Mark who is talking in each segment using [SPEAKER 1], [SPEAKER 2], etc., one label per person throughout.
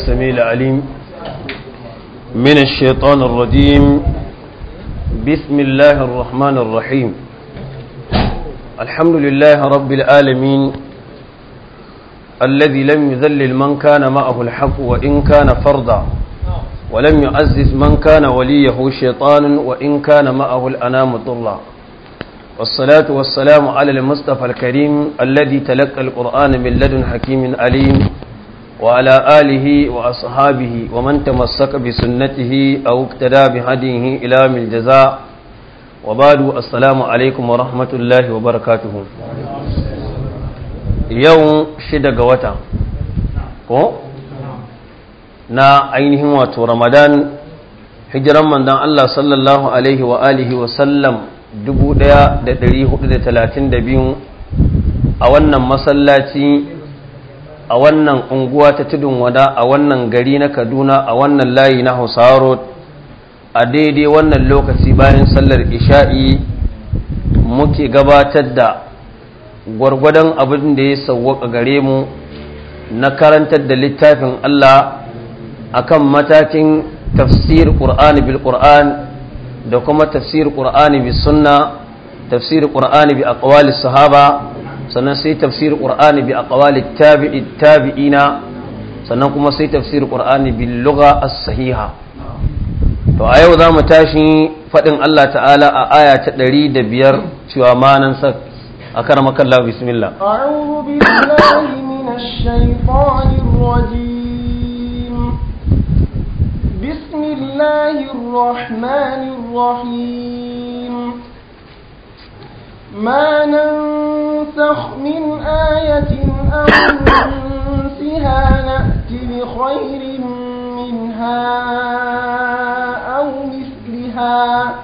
[SPEAKER 1] السميع العليم من الشيطان الرجيم بسم الله الرحمن الرحيم الحمد لله رب العالمين الذي لم يذلل من كان معه الحق وإن كان فرضا ولم يعزز من كان وليه شيطان وإن كان معه الأنام طلا والصلاة والسلام على المصطفى الكريم الذي تلقى القرآن من لدن حكيم عليم وعلى آله وأصحابه ومن تمسك بسنته أو اقتدى بهديه إلى من الجزاء وبعد السلام عليكم ورحمة الله وبركاته يوم شدة قوتا na ainihin wato ramadan hijiran mandan Allah sallallahu alaihi wa alihi wa sallam 1432 a wannan masallaci a wannan unguwa ta tudun wada a wannan gari na kaduna a wannan layi na hausaro a daidai wannan lokaci bayan sallar isha'i muke gabatar da gwargwadon abin da ya sauwaka gare mu na karantar da littafin Allah akan matakin tafsir ƙur'ani bil ƙur'an da kuma tafsir ƙur'ani bi sunna tafsir ƙur'ani bi aqwali sahaba sannan sai tafsir qur'ani bi aqwali tabi'i tabi'ina sannan kuma sai tafsir qur'ani bil lugha as-sahiha to a yau zamu tashi fadin Allah ta'ala a aya ta 105 cewa manan sa akarmaka Allah bismillah
[SPEAKER 2] a'udhu billahi minash shaitanir rajim bismillahir rahmanir rahim ما ننسخ من آية أو ننسها نأتي بخير منها أو مثلها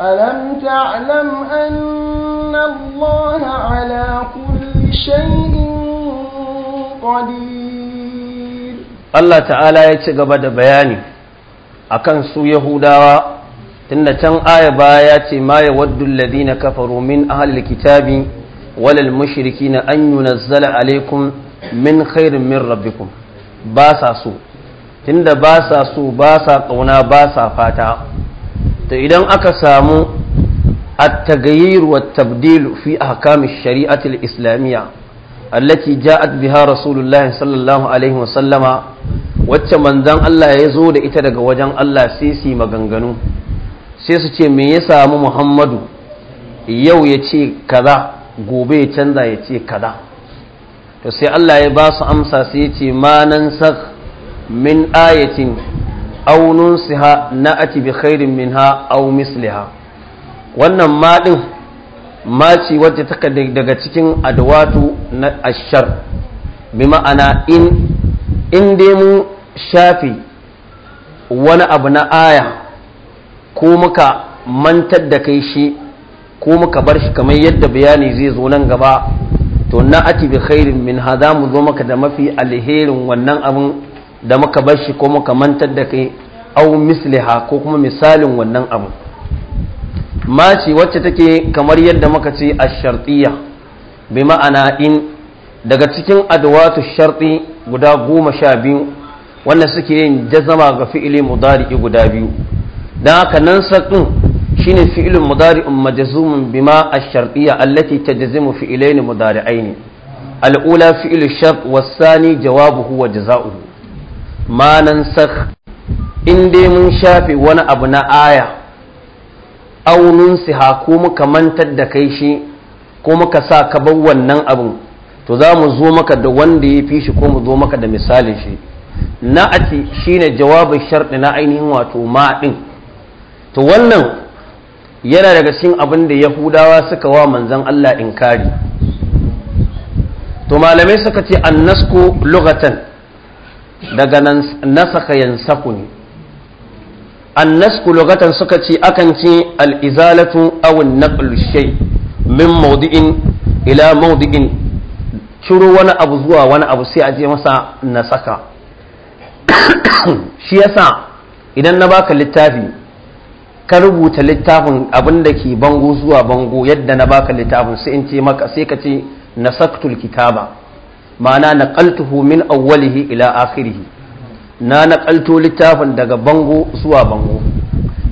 [SPEAKER 2] ألم تعلم أن الله على كل شيء قدير
[SPEAKER 1] الله تعالى يتقبض بياني akan su Yahudawa tunda can aya baya ce ma ya waddu alladhina kafaru min ahlil kitabi walal mushrikina an yunazzala alaikum min khairin min rabbikum ba sa so tunda ba sa so ba sa kauna ba sa fata Ta idan aka samu at-taghayyir wa tabdil fi ahkam ash-shari'ah al-islamiyya allati ja'at biha rasulullahi sallallahu alaihi wa sallama wacce manzon Allah ya zo da ita daga wajen Allah sai maganganu sai su ce me ya samu muhammadu yau ya ce kaza gobe ya canza ya ce kaza to sai Allah ya ba su amsa sai ya ce ma nan sak min ayatin aunun siha na ati bi khairin minha au misliha wannan maɗin maci wadda taka daga cikin adwatu na ashar bi ma'ana in in dai mu shafi wani abu na aya ko muka mantar da kai shi ko muka bar shi kamar yadda bayani zai zo nan gaba to na ati bi khairin min hada mu zo maka da mafi alherin wannan abin da muka bar shi ko muka mantar da kai au misliha ko kuma misalin wannan abun. ma ce wacce take kamar yadda muka ce ash-shartiyya bi ma'ana in daga cikin adwatu sharti guda goma sha biyu wannan suke yin jazama ga fi'ili mudari'i guda biyu dan haka nan shi shine fi'ilun mudari'un majzumun bima ash-shartiyya allati tajzimu fi'ilai mudari'aini al al'ula fi'ilu shart was-sani jawabu wa jazaohu ma nan sak in dai mun shafe wani abu na aya aunin siha ko muka mantar da kai shi ko muka sa ka bar wannan abin to za mu zo maka da wanda ya fi shi ko mu zo maka da misalin shi na'ati shine jawabin sharɗi na ainihin wato ma ɗin to wannan yana daga cikin abin da yahudawa suka wa manzan Allah inkari to malamai suka ce an nasko lugatan daga nasaka yansaku ne an nasko lugatan suka ce akan ce al'izalatu awon naƙalu shai min maudi'in ila maudi'in ciro wani abu zuwa wani abu sai a je masa nasaka shi yasa idan na baka littafi ka rubuta littafin abin da ke bango zuwa bango yadda na baka littafin sai in ce maka sai ka ce na saktul kitaba ma'ana na kaltuhu min awwalihi ila akhirihi na na kalto littafin daga bango zuwa bango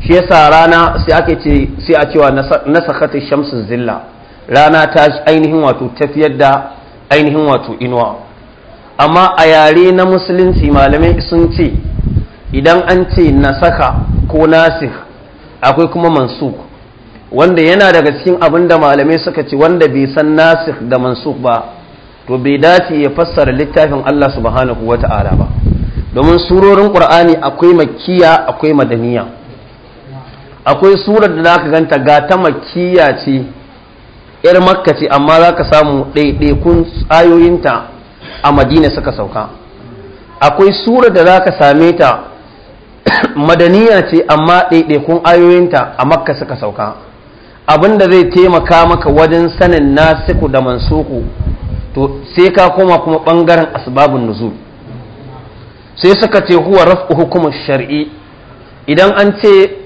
[SPEAKER 1] shi yasa rana sai ake ce sai a cewa na sakata shamsu zilla rana ta ainihin wato tafiyar da ainihin wato inuwa amma a yare na musulunci malamai sun ce idan an ce na saka ko nasir akwai kuma mansuk wanda yana daga cikin abin da malamai suka ce wanda bai san nasikh da mansuk ba to bai dace ya fassara littafin Allah subhanahu wata'ala ba domin surorin qur'ani akwai makkiya akwai madaniya akwai surar da zaka ganta ga ta makkiya ce yar makka ce amma zaka samu ɗaiɗaikun ayoyinta a madina suka sauka akwai surar da zaka same ta madaniya ce amma ɗaiɗaikun ayoyinta a makka suka sauka abin da zai taimaka maka wajen sanin nasiku da mansuku to sai ka koma kuma ɓangaren asibabin nuzul sai suka ce huwa rafu hukumar shari'i idan an ce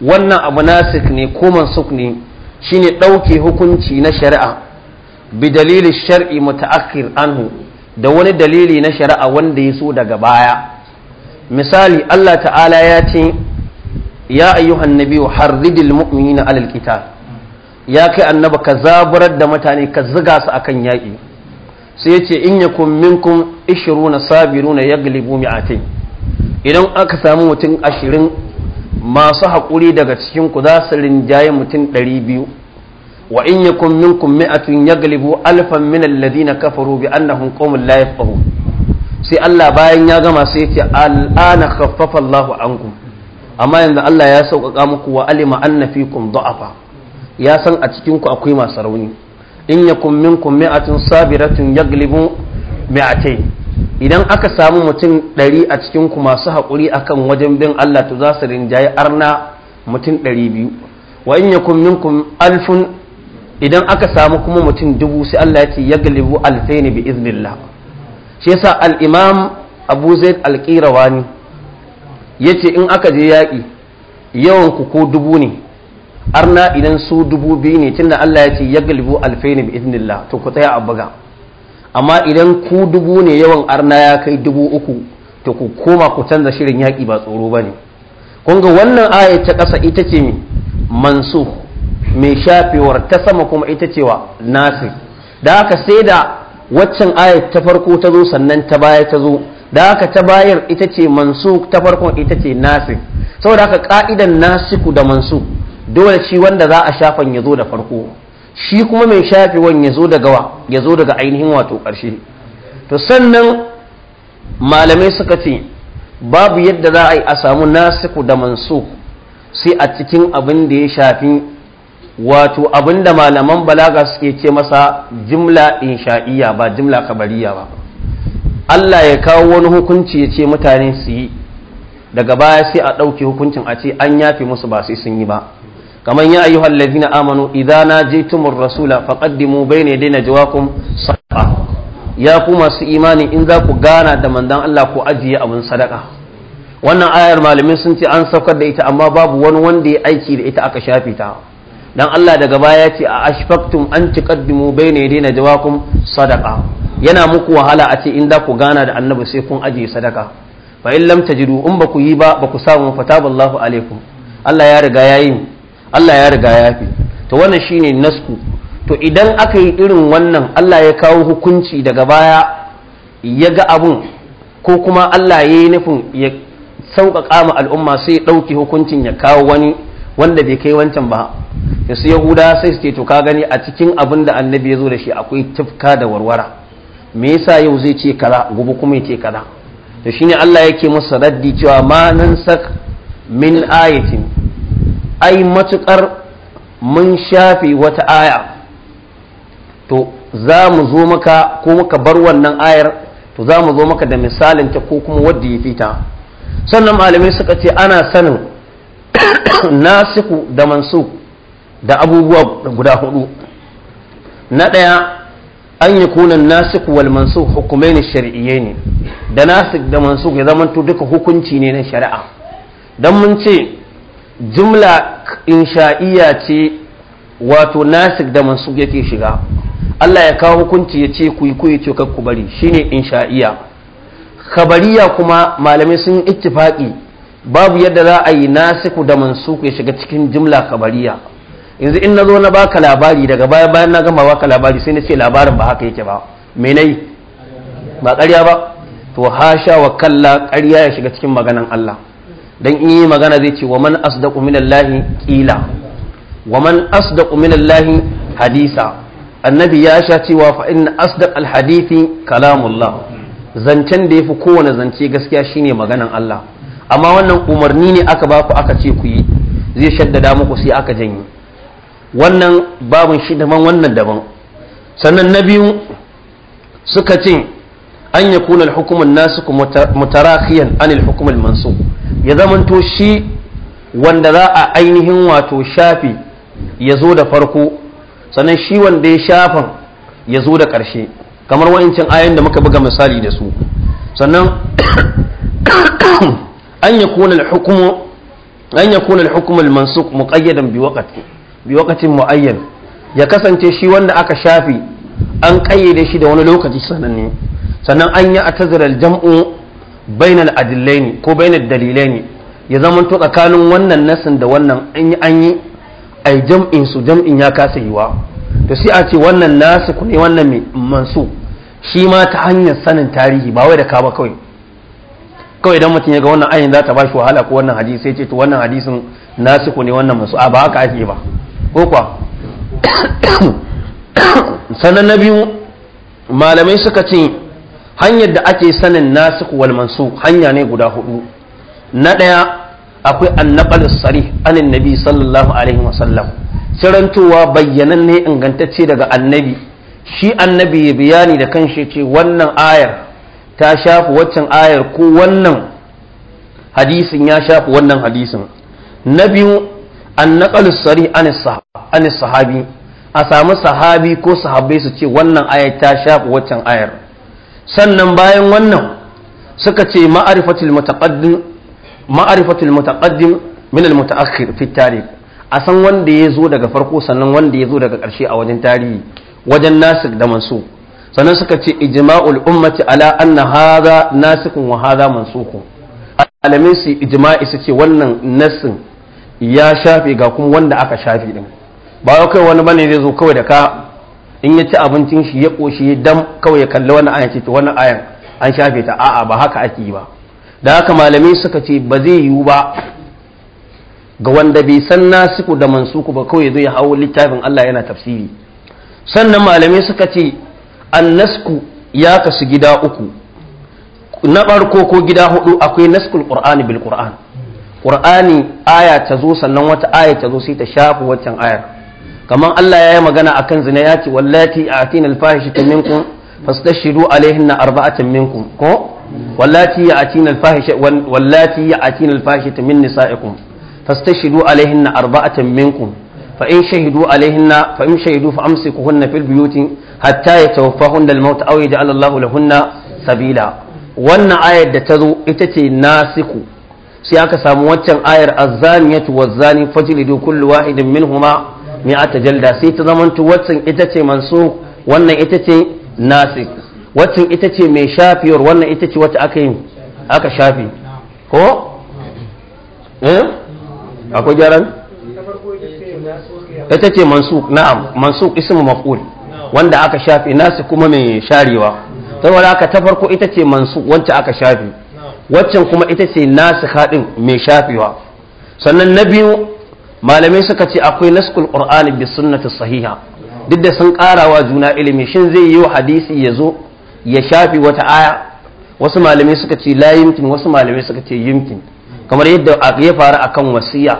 [SPEAKER 1] wannan abu nasik ne ko mansuk ne shine ɗauke hukunci na shari'a bi dalilin shari'i muta'akhir anhu da wani dalili na shari'a wanda ya so daga baya misali Allah ta'ala ya ce ya ayyuhan nabiyu harridil mu'minina alal qital ya kai annaba ka zaburar da mutane ka ziga su akan yaƙi sai yace in yakum minkum 20 sabiruna yaglibu mi'atin idan aka samu mutum ashirin masu haƙuri daga cikin ku za su rinjaye mutum ɗari biyu wa in yakum minkum mi'atun yaglibu alfan min alladhina kafaru bi annahum qaumun la yafqahun sai Allah bayan ya gama sai ya ce al'ana khaffafa Allahu ankum amma yanzu Allah ya sauƙaƙa muku wa alima anna fikum du'afa ya san a cikin akwai masu rauni in yakum minkum mi'atun sabiratun yaglibu mi'atayn idan aka samu mutum ɗari a cikin masu haƙuri akan wajen bin Allah to za su rinjaye arna mutum ɗari biyu wa in yakum minkum alfun idan aka samu kuma mutum dubu sai Allah ya ce yaglibu alfaini bi iznillah shi yasa al-imam abu zaid al-qirawani yace in aka je yaƙi yawan ku ko dubu ne arna idan su dubu biyu ne tunda Allah ya ce ya galibu alfaini bi idnillah to ku tsaya a buga amma idan ku dubu ne yawan arna ya kai dubu uku to ku koma ku canza shirin yaƙi ba tsoro ba ne kun ga wannan aya ta ƙasa ita ce mai mansu mai shafewar ta sama kuma ita cewa nasir da haka sai da waccan ayat ta farko ta zo sannan ta baya ta zo da haka ta bayar ita ce mansu ta farkon ita ce nasi, saboda haka ka'idan nasiku da mansu, dole shi wanda za a shafan ya zo da farko shi kuma mai shafewan ya zo daga ya zo daga ainihin wato ƙarshe to sannan malamai suka ce babu yadda za a yi a samu nasiku da mansu, sai a cikin abin da ya shafi wato abinda malaman balaga suke ce masa jimla insha'iyya ba jimla kabariya ba Allah ya kawo wani hukunci ya ce mutane su yi daga baya sai a ɗauke hukuncin a ce an yafe musu ba sai sun yi ba kamar ya ayyuha allazina amanu je tumur rasula faqaddimu na yaday najwakum sadaqa ya ku masu imani in za ku gana da mandan Allah ko ajiye abin sadaka wannan ayar malamin sun ce an saukar da ita amma babu wani wanda ya aiki da ita aka shafe ta dan Allah daga baya ce a ashfaqtum an tuqaddimu bayna yadayna jawakum sadaqa yana muku wahala a ce in ku gana da annabi sai kun ajiye sadaka fa in lam tajidu in ba yi ba baku ku samu fataballahu alaikum Allah ya riga ya yi Allah ya riga ya fi to wannan shine nasku to idan aka yi irin wannan Allah ya kawo hukunci daga baya ya ga abun ko kuma Allah ya yi nufin ya sauƙaƙa ma al'umma sai ya ɗauki hukuncin ya kawo wani wanda bai kai wancan ba ya su yahuda sai su ce to ka gani a cikin abin da annabi ya zo da shi akwai tufka da warwara me yasa yau zai ce kaza gobe kuma ya ce kaza to shine Allah yake masa raddi cewa ma nan min ayatin ai matukar mun shafe wata aya to za mu zo maka ko muka bar wannan ayar to za mu zo maka da misalin ta ko kuma wanda ya fita sannan malamai suka ce ana sanin nasiku da mansu da abubuwa guda hudu na ɗaya an yi kunan nasiku wal mansu hukumai ne shari'iyye ne da nasik da Mansur ya zamanto duka hukunci ne na shari'a don mun ce jumla insha'iyya ce wato nasik da mansu yake shiga Allah ya kawo hukunci ya ce ku yi ku yi ce ku bari shine insha'iyya khabariya kuma malamai sun ittifaqi babu yadda za a yi nasiku da mansuku ya shiga cikin jimla kabariya yanzu in na zo na baka labari daga baya bayan na gama baka labari sai na ce labarin ba haka yake ba menai ba ƙarya ba to hasha wa kalla ƙarya ya shiga cikin maganan Allah dan in yi magana zai ce wa man asdaqu minallahi qila wa man asdaqu minallahi hadisa annabi ya sha cewa fa inna asdaq alhadithi kalamullah zancen da yafi kowane zance gaskiya shine maganan Allah amma wannan umarni ne aka ba ku aka ce ku yi zai shaddada muku sai aka janye wannan babin shi daban wannan daban sannan na biyu suka ce an ya kuna hukumin nasu mutarakiyan an hukumin mansu ya zamanto shi wanda za a ainihin wato shafi ya zo da farko sannan shi wanda ya shafan ya zo da ƙarshe kamar wa'incin ayan da muka buga misali da su sannan an ya al-hukmu an yakuna muqayyadan bi waqtin muayyan ya kasance shi wanda aka shafi an kayyade shi da wani lokaci sannan an yi atazara al-jam'u bainal adillaini ko bainal dalilaini ya zaman to tsakanin wannan nasin da wannan an yi an yi ai jam'in su jam'in ya kasa yiwa to sai a ce wannan nasu ne wannan mai mansu shi ma ta hanyar sanin tarihi ba wai da ka ba kawai kawai idan mutum ya ga wannan ayin za ta bashi wahala ko wannan hadisi sai ce to wannan hadisin nasiku ne wannan musu a ba haka ake ba ko kwa sannan na biyu malamai suka ce hanyar da ake sanin nasiku wal mansu hanya ne guda hudu na ɗaya akwai annabal sarih anin nabi sallallahu alaihi wasallam sirantowa bayyanan ne ingantacce daga annabi shi annabi ya bayani da kanshi ce wannan ayar ta shafi waccan ayar ko wannan hadisin ya shafi wannan hadisin na biyu an naƙalus sari anis sahabi a sami sahabi ko sahabai su ce wannan ayar ta shafi waccan ayar sannan bayan wannan suka ce ma'arifatul mutaqaddim min al mutaakhir fi a san wanda ya zo daga farko sannan wanda ya zo daga ƙarshe a wajen tarihi wajen nasir da mansur sannan suka ce ijma'ul ummati ala anna hadha nasikun wa hadha mansukun alamin su ijma'i su ce wannan nasin ya shafe ga kuma wanda aka shafe din ba wai kai wani bane zai zo kawai da ka in ya ci abincin shi ya koshi dam kawai ya kalli wannan ayan ce to wannan ayan an shafe ta a'a ba haka ake yi ba da haka malamai suka ce ba zai yiwu ba ga wanda bai san nasiku da mansuku ba kawai zai hawo littafin Allah yana tafsiri sannan malamai suka ce annasku ya kasu gida uku na farko ko gida hudu akwai naskul qur'ani bil qur'an qur'ani aya ta zo sannan wata aya ta zo sai ta shafi waccan ayar kaman Allah ya yi magana akan zina ya ce wallati atina al-fahishata minkum fastashidu alaihinna arba'atan minkum ko wallati atina al-fahisha wallati atina al-fahishata min nisaikum fastashidu alaihinna arba'atan minkum fa in shahidu alaihinna fa in shahidu fa amsikuhunna fil buyuti hatta ya tawaffahun al-maut aw yaj'al Allahu sabila wannan ayar da ta zo ita ce nasiku sai aka samu waccan ayar az-zaniyatu waz-zani fajlidu kullu wahidin minhuma mi'ata jalda sai ta zamanto waccan ita ce mansukh wannan ita ce nasik waccan ita ce mai shafiyar wannan ita ce wacce aka yi aka shafi ko eh akwai gyaran? ita ce mansukh na'am mansukh ismu maf'ul wanda aka shafe nasu kuma mai sharewa saboda aka ta farko ita ce mansu wacce aka shafe waccan kuma ita ce nasu haɗin mai shafewa sannan na biyu malamai suka ce akwai naskul qur'ani bi sunnati sahiha duk da sun karawa juna ilimi shin zai yi hadisi ya zo ya shafi wata aya wasu malamai suka ce la wasu malamai suka ce yimkin kamar yadda ya faru akan wasiya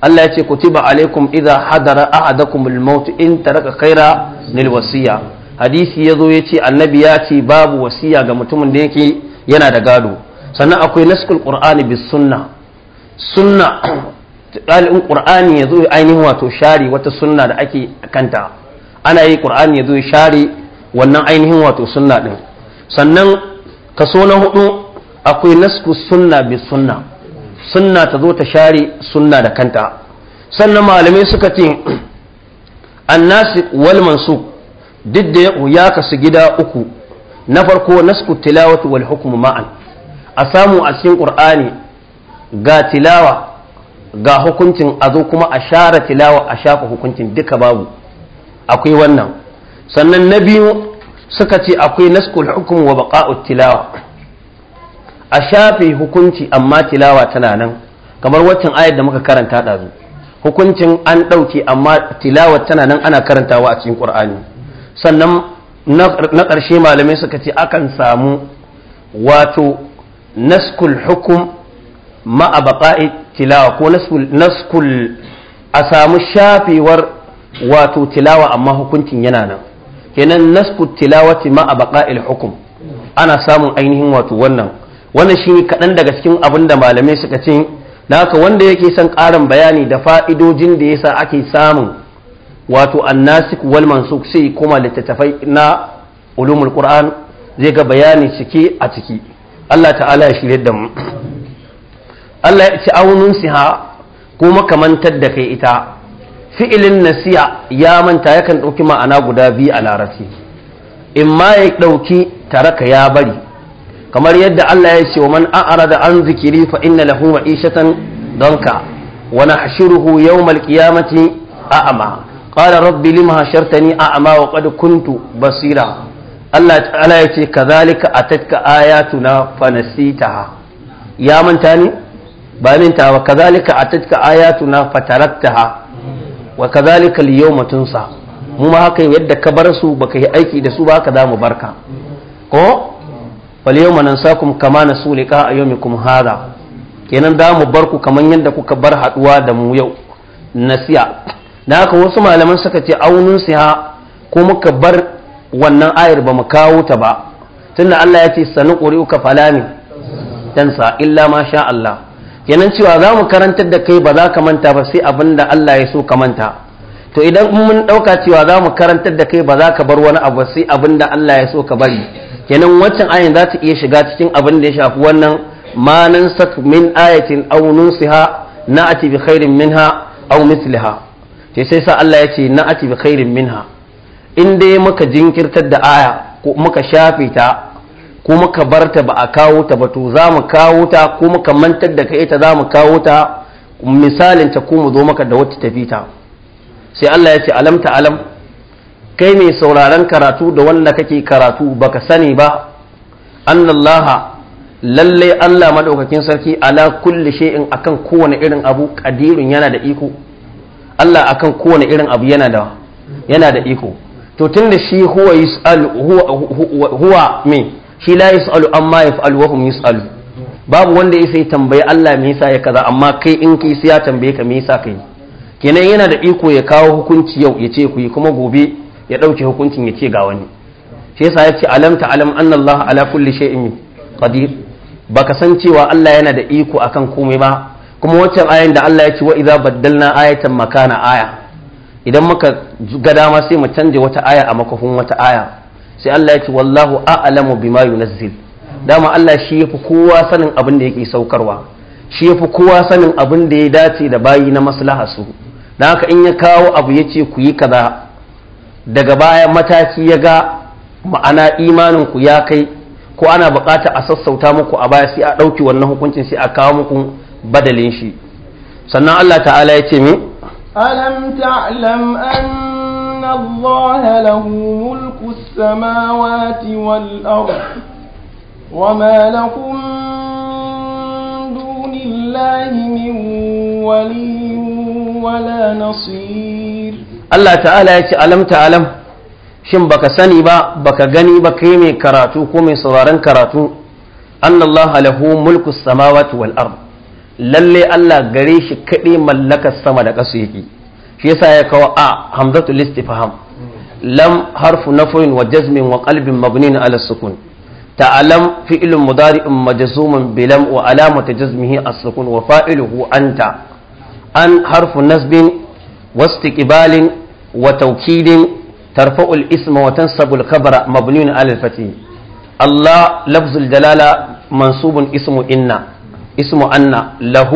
[SPEAKER 1] Allah ya ce ku kutiba alaikum idza hadara ahadakumul maut in taraka khaira lil wasiya hadisi yazo yace annabi ya ce babu wasiya ga mutumin da yake yana da gado sannan akwai naskul qur'ani bis sunna sunna ɗalibin qur'ani yazo ainihin wato share wata sunna da ake kanta ana yi qur'ani yazo share wannan ainihin wato sunna din sannan kaso na hudu akwai nasku sunna bis sunna sunna ta zo ta share sunna da kanta sannan malamai suka ce annasi wal mansub duk da ya kasu gida uku na farko nasku tilawatu wal hukmu ma'an a samu a cikin qur'ani ga tilawa ga hukuncin a zo kuma a share tilawa a shafa hukuncin duka babu akwai wannan sannan na biyu suka ce akwai naskul hukmu wa baqa'u tilawa a shafe hukunci amma tilawa tana nan kamar waccan ayar da muka karanta ɗazu hukuncin an ɗauke amma tilawa tana nan ana karantawa a cikin ƙur'ani sannan na ƙarshe malamai suka ce akan samu wato naskul hukum ma a baƙa'i tilawa ko naskul a samu shafewar wato tilawa amma hukuncin yana nan kenan naskul tilawati a baƙa'il hukum ana samun ainihin wato wannan wannan shi kaɗan daga cikin abin da malamai suka ce na haka wanda yake son ƙarin bayani da fa'idojin da ya sa ake samun wato annasik wal mansuk sai kuma littattafai na ulumul qur'an zai ga bayani cike a ciki Allah ta'ala ya shirye da mu Allah ya ci aunun siha ko makamantar da kai ita fi'ilin nasiya ya manta yakan ɗauki ma'ana guda biyu a larabci in ma ya ɗauki taraka ya bari kamar yadda Allah ya ce wa man a'rada an zikiri fa inna lahu ma'ishatan danka wa nahshuruhu yawmal qiyamati a'ma qala rabbi lima hashartani a'ma wa qad kuntu basira Allah ta'ala ya ce kazalika atatka ayatuna fanasitaha ya manta ni? ba minta wa kadhalika atatka ayatuna fataraktaha wa kazalika al-yawma tunsa mu ma haka yadda ka bar su baka yi aiki da su ba ka za mu barka ko fal yawma nansakum kama nasu liqa yawmikum hadha kenan da mu bar ku kaman yadda kuka bar haduwa da mu yau nasiya da haka wasu malaman suka ce aunin siha ko muka bar wannan ayar ba mu kawo ta ba tunda Allah ya ce sanu quri'uka falani tansa illa ma sha Allah kenan cewa za mu karantar da kai ba za ka manta ba sai abin da Allah ya so ka manta to idan mun ɗauka cewa za mu karantar da kai ba za ka bar wani abu sai abin da Allah ya so ka bari kenan waccan ayin za ta iya shiga cikin abin da ya shafi wannan manan sak min ayatin aw nunsiha na'ati bi khairin minha aw misliha ce sai sa Allah ya ce na'ati bi khairin minha in dai muka jinkirtar da aya ko muka shafe ta ko muka barta ba a kawo ta ba to za mu kawo ta ko muka mantar da kai ta za mu kawo ta misalin ta ko mu zo maka da wata tafita sai Allah ya ce alam ta alam kai mai sauraron karatu da wanda kake karatu baka sani ba annallaha lallai Allah maɗaukakin sarki ala kulli shay'in akan kowane irin abu qadirun yana da iko Allah akan kowane irin abu yana da yana da iko to tun da shi huwa yus'alu huwa huwa me shi la yus'alu amma yaf'alu wa hum yus'alu babu wanda ya sai tambayi Allah me yasa ya kaza amma kai in kai sai ya tambaye ka me yasa kai kenan yana da iko ya kawo hukunci yau ya ce ku yi kuma gobe ya ɗauke hukuncin ya ce ga wani shi yasa ya ce alam alam anna Allah ala kulli shay'in qadir baka san cewa Allah yana da iko akan komai ba kuma waccan ayan da Allah ya ce wa idza baddalna ayatan makana aya idan muka ga dama sai mu canje wata aya a makofin wata aya sai Allah ya ce wallahu a'lamu bima yunazzil dama Allah shi yafi kowa sanin abin da yake saukarwa shi yafi kowa sanin abin da ya dace da bayi na maslaha su dan haka in ya kawo abu yace ku yi kaza daga baya mataki ya ga ma'ana imaninku ya kai ko ana bukata a sassauta muku a baya sai a ɗauki wannan hukuncin sai a kawo muku badalin shi sannan Allah ta'ala ya ce mi
[SPEAKER 2] alam ta'lam anna Allah lahu mulku samawati wal ard ma lakum dunillahi min waliyyin wala nasir
[SPEAKER 1] Allah ta'ala ya ce alam ta'alam shin baka sani ba baka gani ba kai mai karatu ko mai sauraron karatu annallaha lahu mulku samawati wal ard lalle Allah gare shi kaɗai mallakar sama da ƙasa yake shi yasa ya kawo a hamzatu listifham lam harfu nafin wa jazmin wa qalbin mabnin ala sukun ta'alam fi'lun mudari'un majzumun bilam wa alamatu jazmihi as-sukun wa fa'iluhu anta an harfu nasbin واستقبال وتوكيد ترفع الاسم وتنسب الخبر مبني على الفتح الله لفظ الجلالة منصوب اسم إن اسم أن له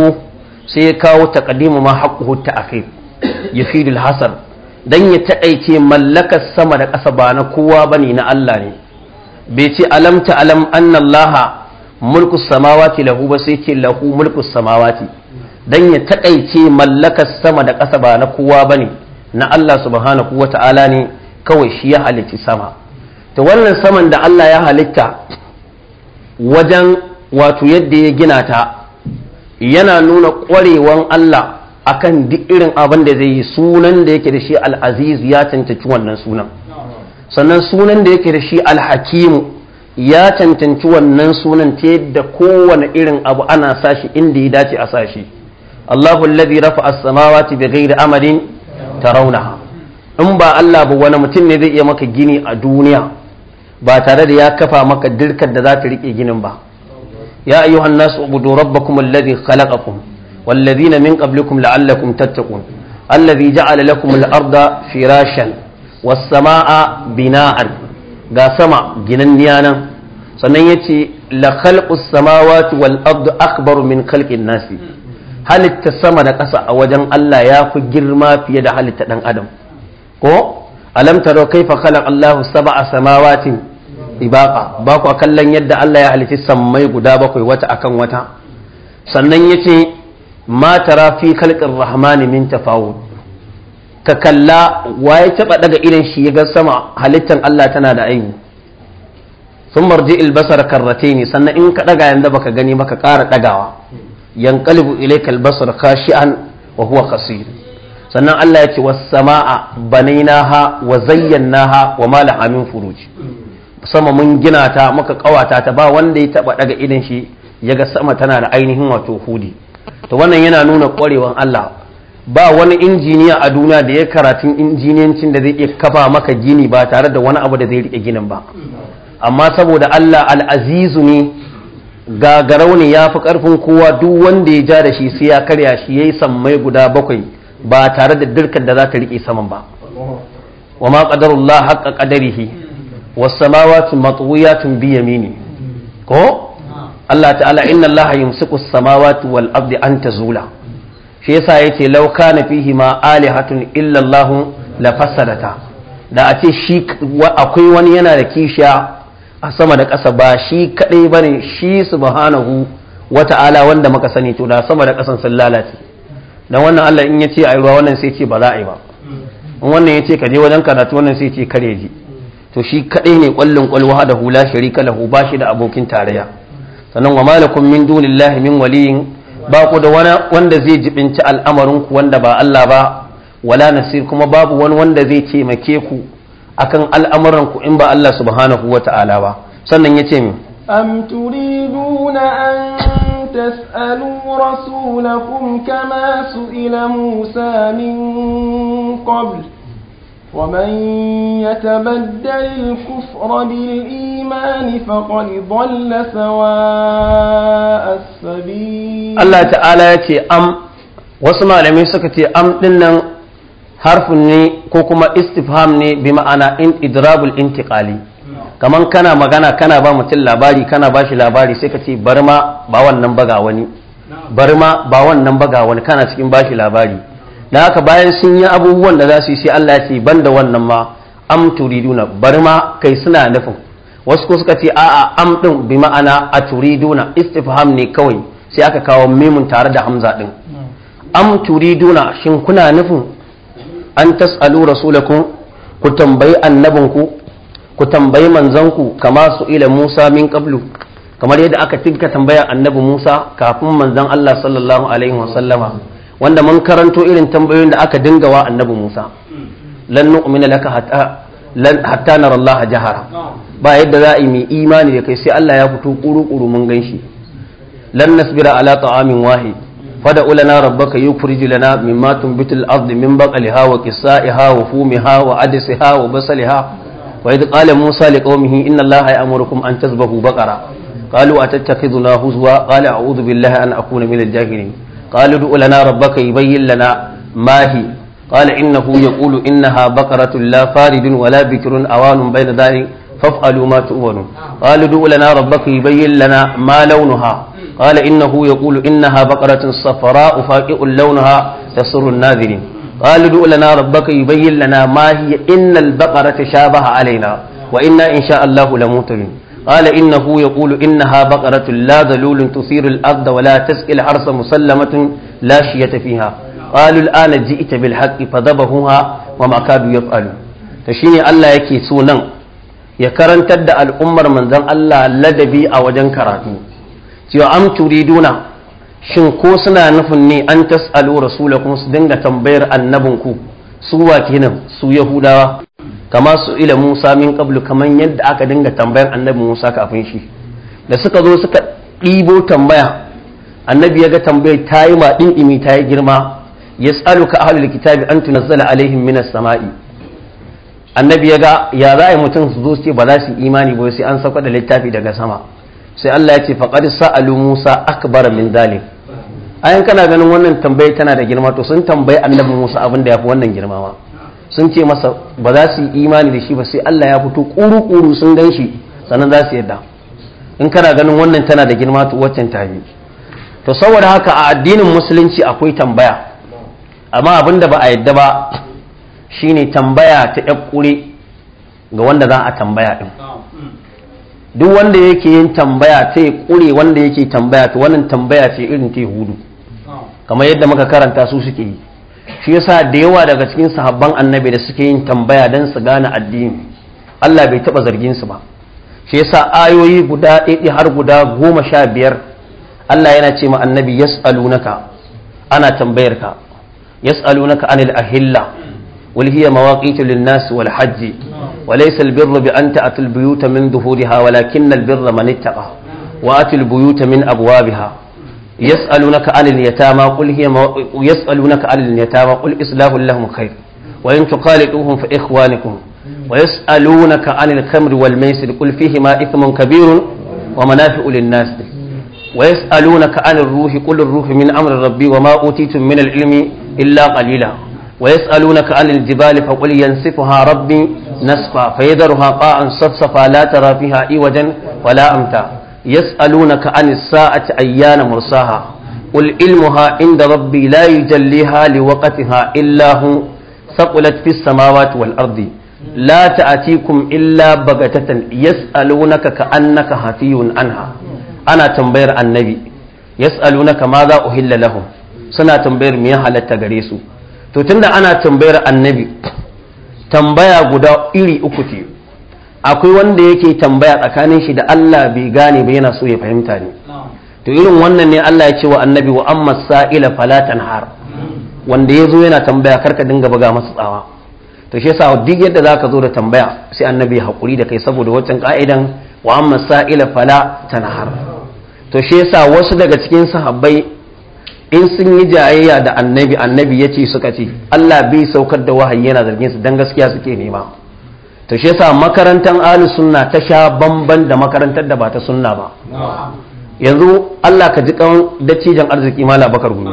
[SPEAKER 1] سيكاو تقديم ما حقه التأخير يفيد الحصر dan ya taƙaice mallakar sama da ƙasa ba na kowa ba ne na Allah ne bai ce alam ta alam annallaha mulkus samawati lahu ba sai ce lahu mulkus samawati dan ya takaice mallakar sama da ƙasa ba na kowa bane na Allah subhanahu Ta'ala ne kawai shi ya halitta sama to wannan saman da Allah ya halitta wajen wato yadda ya gina ta yana nuna ƙwarewan Allah akan duk irin abin da zai yi sunan da yake da shi al'aziz ya cancanci wannan sunan sannan sunan da yake da shi Al-hakimu ya cancanci wannan sunan ta yadda kowane irin abu ana sashi inda ya dace a sashi Allahu alladhi rafa'a as-samawati amarin ta tarawnaha in ba Allah ba wani mutum ne zai iya maka gini a duniya ba tare da ya kafa maka dirkar da za ta rike ginin ba ya ayyuhan nasu ubudu rabbakum alladhi khalaqakum والذين من قبلكم لعلكم تتقون الذي جعل لكم الأرض فراشا والسماء بناء ga sama ginanniya nan sannan yace la khalqus samawati wal ardi akbaru min khalqin nasi halitta sama da ƙasa a wajen Allah ya fi girma fiye da halitta ɗan adam ko alam taro kaifa khalaq Allahu sab'a samawatin ibaqa ba ku kallon yadda Allah ya halitta sammai guda bakwai wata akan wata sannan yace ma tara fi khalqir rahmani min tafawud ka kalla wa ya taɓa daga irin shi ya ga sama halittan Allah tana da aini. sun marji albasar karrate ne sannan in ka ɗaga yanzu baka gani ba ka ƙara ɗagawa yanqalibu ilayka al-basar khashi'an wa huwa qasir sannan Allah ya ce was samaa banainaha wa zayyanaha wa ma amin min sama mun gina ta muka kawata ta ba wanda ya taba daga idan shi yaga sama tana da ainihin wato hudi to wannan yana nuna kwarewan Allah ba wani injiniya a duniya da ya karatun injiniyancin da zai iya kafa maka gini ba tare da wani abu da zai rike ginin ba amma saboda Allah al'azizu ne gagarau ya fi ƙarfin kowa duk wanda ya ja da shi sai ya karya shi ya yi sammai guda bakwai ba tare da dirkar da za ta riƙe saman ba wa ma ƙadarullah haƙa ƙadarihi wasu tun bi yamini ko Allah ta'ala inna Allah yumsiku samawati wal ardi an tazula shi yasa yace law kana fihi ma alihatun illa Allah la fasadata da a ce shi akwai wani yana da kishiya a sama da ƙasa ba shi kaɗai ba ne shi subhanahu ala wanda muka sani to da sama da ƙasan sun lalace dan wannan Allah in ya ce a yi ruwa wannan sai ce ba za a yi ba in wannan ya ce ka je wajen karatu wannan sai ce kare ji to shi kaɗai ne ƙwallon ƙwallo da hula sharika lahu ba shi da abokin tarayya sannan wa malakum min dunillahi min waliyin ba ku da wani wanda zai jibinci al'amarin ku wanda ba Allah ba wala nasir kuma babu wani wanda zai taimake ku akan al’amuran ku in ba Allah subhanahu wa ta’ala ba sannan ya ce mi
[SPEAKER 2] am turiduna an tas'alu rasulakum kama su'ila musa min qabl wa man yatabaddal kufra bil imani faqad dalla sawaa as-sabil
[SPEAKER 1] Allah ta'ala yace am wasu malamai suka ce am din nan harfin ne ko kuma istifham ne bi ma'ana in idrabul intiqali kaman kana magana kana ba mutum labari kana ba shi labari sai ka ce barma ba wannan baga wani barma ba wannan baga wani kana cikin ba shi labari da haka bayan sun yi abubuwan da za su yi sai Allah ya ce ban da wannan ma am turiduna barma kai suna nufin wasu ko suka ce a'a am din bi ma'ana a turiduna istifham ne kawai sai aka kawo mimun tare da hamza din am turiduna shin kuna nufin an tas'alu rasulakum ku tambayi annabinku ku tambayi manzanku kama su ila Musa min qablu kamar yadda aka tinka tambaya annabi Musa kafin manzan Allah sallallahu alaihi wa sallama wanda mun karanto irin tambayoyin da aka dinga wa annabi Musa lan nu'mina laka hatta lan hatta nara Allah jahara ba yadda za a yi mai imani da kai sai Allah ya fito kuru kuru mun ganshi lan nasbira ala ta'amin wahid فدعوا لنا ربك يخرج لنا مما تنبت الأرض من بقلها وكسائها وفومها وعدسها وبصلها وإذ قال موسى لقومه إن الله يأمركم أن تذبحوا بقرة قالوا أتتخذنا هزوا قال أعوذ بالله أن أكون من الجاهلين قالوا ادع لنا ربك يبين لنا ما هي قال إنه يقول إنها بقرة لا فارد ولا بكر أوان بين ذلك فافعلوا ما تؤمنون قالوا ادع لنا ربك يبين لنا ما لونها قال إنه يقول إنها بقرة صفراء فاقع لونها تسر الناذرين قالوا ادع لنا ربك يبين لنا ما هي إن البقرة شابه علينا وإنا إن شاء الله لموطنون قال إنه يقول إنها بقرة لا ذلول تثير الأرض ولا تسقي الحرث مسلمة لا شية فيها قالوا الآن جئت بالحق فذبحوها وما كادوا يفعلون تشيني الله يكي سونن ya karantar da al'ummar manzon Allah ladabi a wajen karatu cewa am turiduna shin ko suna nufin ne an tas'alu rasulakum su dinga tambayar annabinku su wa kenan su yahudawa kama su ila Musa min qablu kaman yadda aka dinga tambayar annabi Musa kafin shi da suka zo suka ɗibo tambaya annabi ya ga tambayar ta yi ma ɗin ta yi girma yas'aluka ahlul kitabi an tunazzala alaihim minas sama'i annabi ya ga ya za a yi mutum su zo su ce ba za su imani ba sai an sauka da littafi daga sama sai Allah ya ce sa sa'alu Musa akbar min zalim ayan kana ganin wannan tambayi tana da girma to sun tambayi annabi Musa abin da fi wannan girma ma sun ce masa ba za su yi imani da shi ba sai Allah ya fito ƙuru-ƙuru sun gan shi sannan za su yadda in kana ganin wannan tana da girma to waccan ta bi to saboda haka a addinin musulunci akwai tambaya amma abin da ba a yadda ba shine tambaya ta yakkure ga wanda za a tambaya din duk wanda yake yin tambaya ta ya ƙure wanda yake tambaya ta wannan tambaya ce irin ta hudu kamar yadda muka karanta su suke yi shi yasa da yawa daga cikin sahabban annabi da suke yin tambaya don su gane addini Allah bai taɓa zargin su ba shi yasa ayoyi guda ɗaiɗi har guda goma sha biyar Allah yana ce ma annabi yas'alunaka ana tambayar ka yas'alunaka anil ahilla wal hiya mawaqitu lin nas wal وليس البر بأن تأتوا البيوت من ظهورها ولكن البر من اتقى وأتوا البيوت من أبوابها يسألونك عن اليتامى قل هي يسألونك عن اليتامى قل إصلاح لهم خير وإن تخالطوهم فإخوانكم ويسألونك عن الخمر والميسر قل فيهما إثم كبير ومنافع للناس ويسألونك عن الروح قل الروح من أمر ربي وما أوتيتم من العلم إلا قليلا ويسألونك عن الجبال فقل ينسفها ربي نسفا فيذرها قاعا صفصفا لا ترى فيها عوجا ولا أمتا يسألونك عن الساعة أيان مرساها قل علمها عند ربي لا يجليها لوقتها إلا هو ثقلت في السماوات والأرض لا تأتيكم إلا بغتة يسألونك كأنك هتي عنها أنا تنبير النبي يسألونك ماذا أهل لهم سنة تنبير مياه لتغريسو to tunda ana tambayar annabi tambaya guda iri uku ce akwai wanda yake tambaya tsakanin shi da Allah bai gane ba yana so ya fahimta ne to irin wannan ne Allah ya ce wa annabi wa amma sa'ila fala har wanda ya zo yana tambaya karka dinga buga masa tsawa to shi yasa duk yadda zaka zo da tambaya sai annabi ya hakuri da kai saboda wancan ka'idan wa amma sa'ila fala tanhar to shi yasa wasu daga cikin sahabbai in sun yi jayayya da annabi annabi ya ce suka ce Allah bai saukar da wahayi yana zargin su dan gaskiya suke nema to shi yasa makarantar ahli sunna ta sha bamban da makarantar da ba ta sunna ba yanzu Allah ka ji kan dattijan arziki malam bakar gumi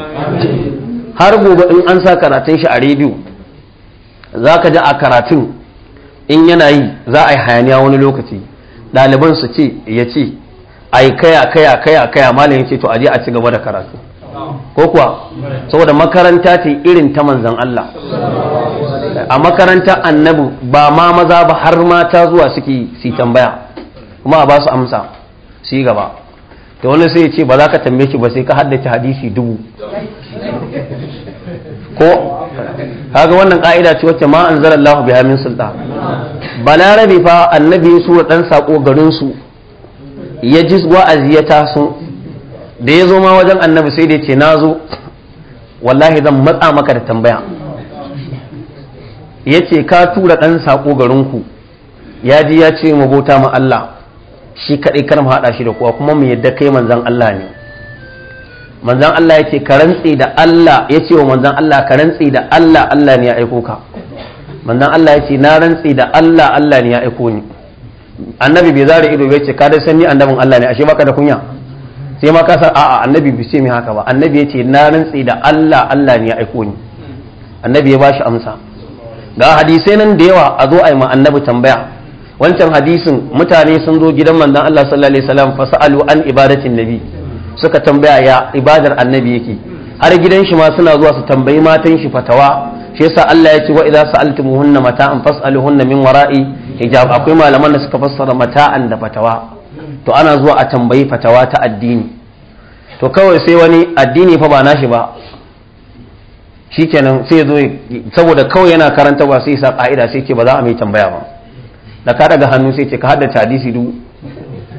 [SPEAKER 1] har gobe in an sa karatun shi a rediyo za ka ji a karatun in yana yi za a yi hayaniya wani lokaci ɗaliban su ce ya ce a yi kaya kaya kaya kaya malam ya ce to aje a ci gaba da karatu ko kuwa saboda makaranta ce irin ta manzan Allah
[SPEAKER 3] a makaranta
[SPEAKER 1] annabu ba ma maza ba har mata zuwa suke si tambaya kuma a ba su amsa si gaba da wani sai ce ba za ka tambaye shi ba sai ka haddace hadisi dubu ko kaga wannan ka'ida ce wacce ma an zara Allah biya min sultan rabi fa annabi su da dan sako garinsu su ya ji wa'azi ya taso da ya zo ma wajen annabi sai da ya ce na zo wallahi zan matsa maka da tambaya ya ce ka tura ɗan saƙo garinku ya ji ya ce mabota ma Allah shi kaɗai kar mu haɗa shi da kuwa kuma mu yadda kai manzan Allah ne manzan Allah ya ce ka rantse da Allah ya ce wa manzan Allah ka rantse da Allah Allah ne ya aiko ka manzan Allah ya ce na rantse da Allah Allah ne ya aiko ni annabi bai zara ido ya ce ka da sanni annabin Allah ne ashe baka da kunya sai ma kasar a'a annabi bai ce mai haka ba annabi ya ce na rantse da Allah Allah ne ya aiko ni annabi ya bashi amsa ga hadisai nan da yawa a zo a yi ma annabi tambaya wancan hadisin mutane sun zo gidan manzon Allah sallallahu alaihi wasallam sa'alu an ibadatin nabi suka tambaya ya ibadar annabi yake har gidan shi ma suna zuwa su tambayi matan shi fatawa shi yasa Allah ya ce wa idza sa'altumuhunna mata'an fas'aluhunna min wara'i hijab akwai malaman da suka fassara mata'an da fatawa to ana zuwa a tambayi fatawa ta addini to kawai sai wani addini fa ba nashi ba shikenan sai zo saboda kawai yana karanta ba sai sa ka'ida sai ce ba za a mai tambaya ba da ka daga hannu sai ce ka haddace hadisi dubu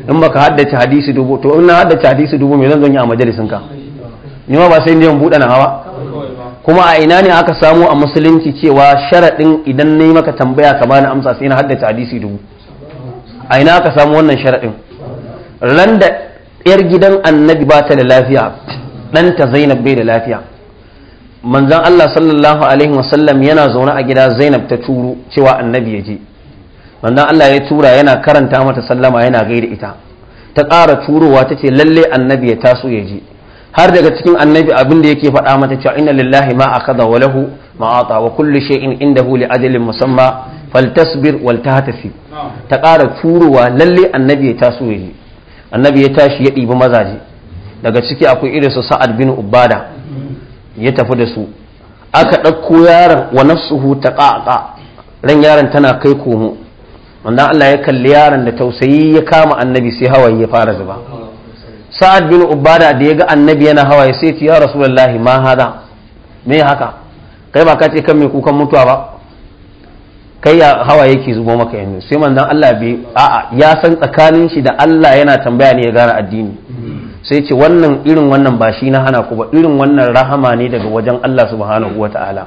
[SPEAKER 1] in baka haddace hadisi dubu to in na haddace hadisi dubu me zan zo a majalisin ka ni ma ba sai ne buɗe na hawa kuma a ina ne aka samu a musulunci cewa sharaɗin idan na yi maka tambaya ka bani amsa sai na haddace hadisi dubu a ina aka samu wannan sharaɗin ran da yar gidan annabi ba ta da lafiya ɗanta zainab bai da lafiya manzan allah sallallahu alaihi wasallam yana zaune a gida zainab ta turo cewa annabi ya je manzan allah ya tura yana karanta mata sallama yana gaida ita ta ƙara turowa ta ce lalle annabi ya taso ya je har daga cikin annabi abin da yake faɗa mata cewa inna lillahi ma akada wa lahu ma ata wa kullu shay'in indahu li ajalin musamma faltasbir wal tahtasi ta ƙara turowa lalle annabi ya taso ya je annabi ya tashi ya ɗibi mazaje daga ciki akwai irin su sa'ad bin ubada ya tafi da su aka ɗauko yaron wa nafsuhu taqaqa ran yaron tana kai komo wanda Allah ya kalli yaron da tausayi ya kama annabi sai hawaye ya fara zuba sa'ad bin ubada da ya ga annabi yana hawaye sai ya ce ya rasulullahi ma hada me haka kai ba ka ce kan mai kukan mutuwa ba kai ya hawa yake zubo maka yanzu sai manzon Allah bai a'a ya san tsakanin shi da Allah yana tambaya ne ya gane addini sai ce wannan irin wannan ba shi na hana ku ba irin wannan rahama ne daga wajen Allah subhanahu wata'ala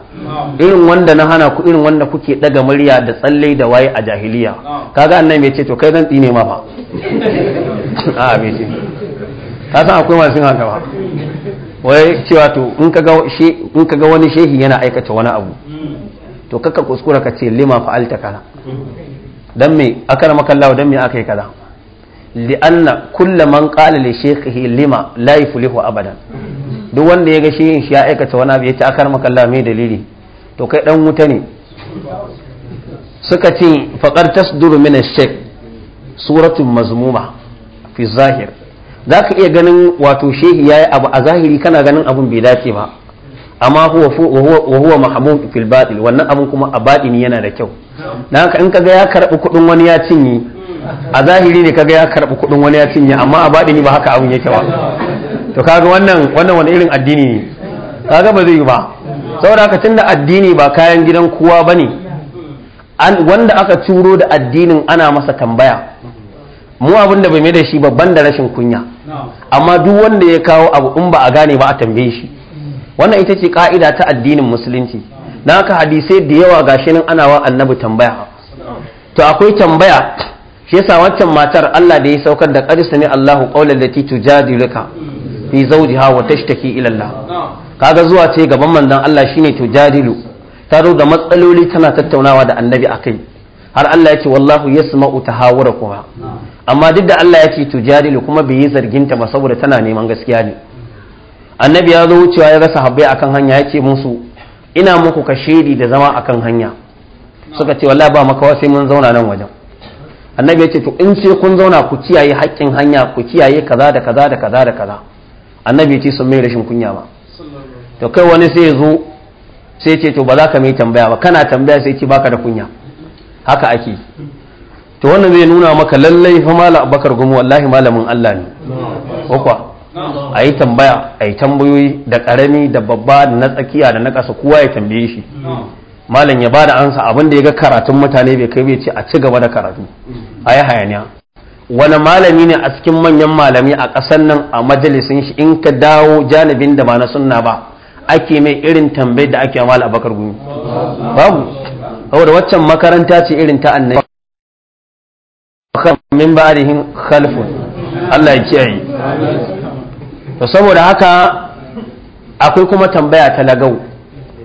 [SPEAKER 1] irin wanda na hana ku irin wanda kuke daga murya da tsalle da waye a jahiliya kaga annabi ya ce to kai zan tsine ma fa
[SPEAKER 3] a'a bai
[SPEAKER 1] ce ka san akwai masu haka ba wai cewa to in kaga in kaga wani shehi yana aikata wani abu to kakka kuskura ka ce lima fa'alta kaza dan me akramaka Allah dan me akai kaza li'anna kullu man qala li shaykhihi lima la yuflihu abadan duk wanda ya ga yin shi ya aikata wani abu ya ce akramaka Allah me dalili to kai dan wuta ne suka ce faqar tasduru min ash suratun mazmuma fi zahir zaka iya ganin wato shehi yayi abu a zahiri kana ganin abun bai dace ba amma huwa mahmud fil batil wannan abin kuma a batini yana da kyau dan haka in kaga ya karbi kudin wani ya cinye a zahiri ne kaga ya karbi kudin wani ya cinye amma a batini ba haka abin yake ba to kaga wannan wannan wani irin addini ne kaga ba zai yi ba saboda haka tunda addini ba kayan gidan kowa bane wanda aka turo da addinin ana masa tambaya mu abin da bai mai da shi babban da rashin kunya amma duk wanda ya kawo abu in ba a gane ba a tambaye shi wannan ita ce ka'ida ta addinin musulunci na haka hadisai da yawa gashi nan ana wa annabi tambaya to akwai tambaya shi yasa wancan matar Allah da ya saukar da qarisa ne Allahu qawlan lati tujadiluka fi zawjiha wa tashtaki ila Allah kaga zuwa ce gaban manzon Allah shine tujadilu ta zo da matsaloli tana tattaunawa da annabi akai har Allah yake wallahu yasma'u tahawurakum amma duk da Allah yake tujadilu kuma bai yi zarginta ba saboda tana neman gaskiya ne annabi ya zo wucewa ya ga sahabbai akan hanya ya ce musu ina muku ka kashedi da zama akan hanya suka ce wallahi ba makawa sai mun zauna nan wajen annabi ya ce to in ce kun zauna ku kiyaye haƙƙin hanya ku kiyaye kaza da kaza da kaza da kaza annabi ya ce sun mai rashin kunya ba to kai wani sai ya zo sai ce to ba za ka mai tambaya ba kana tambaya sai ce baka da kunya haka ake to wannan zai nuna maka lallai fa mala abakar gumu wallahi malamin Allah ne ko a yi tambaya a yi tambayoyi da ƙarami da babba da na tsakiya da na ƙasa kowa ya tambaye shi malam ya ba da ansa abin da ya ga karatun mutane bai kai bai ce a ci gaba da karatu a yi hayaniya wani malami ne a cikin manyan malami a ƙasar nan a majalisin shi in ka dawo janibin da ba na sunna ba ake mai irin tambayi da ake wa malam abakar gumi babu saboda waccan makaranta ce irin ta annabi min ba'dihim khalfun Allah ya
[SPEAKER 3] kiyaye
[SPEAKER 1] to saboda haka akwai kuma tambaya ta lagau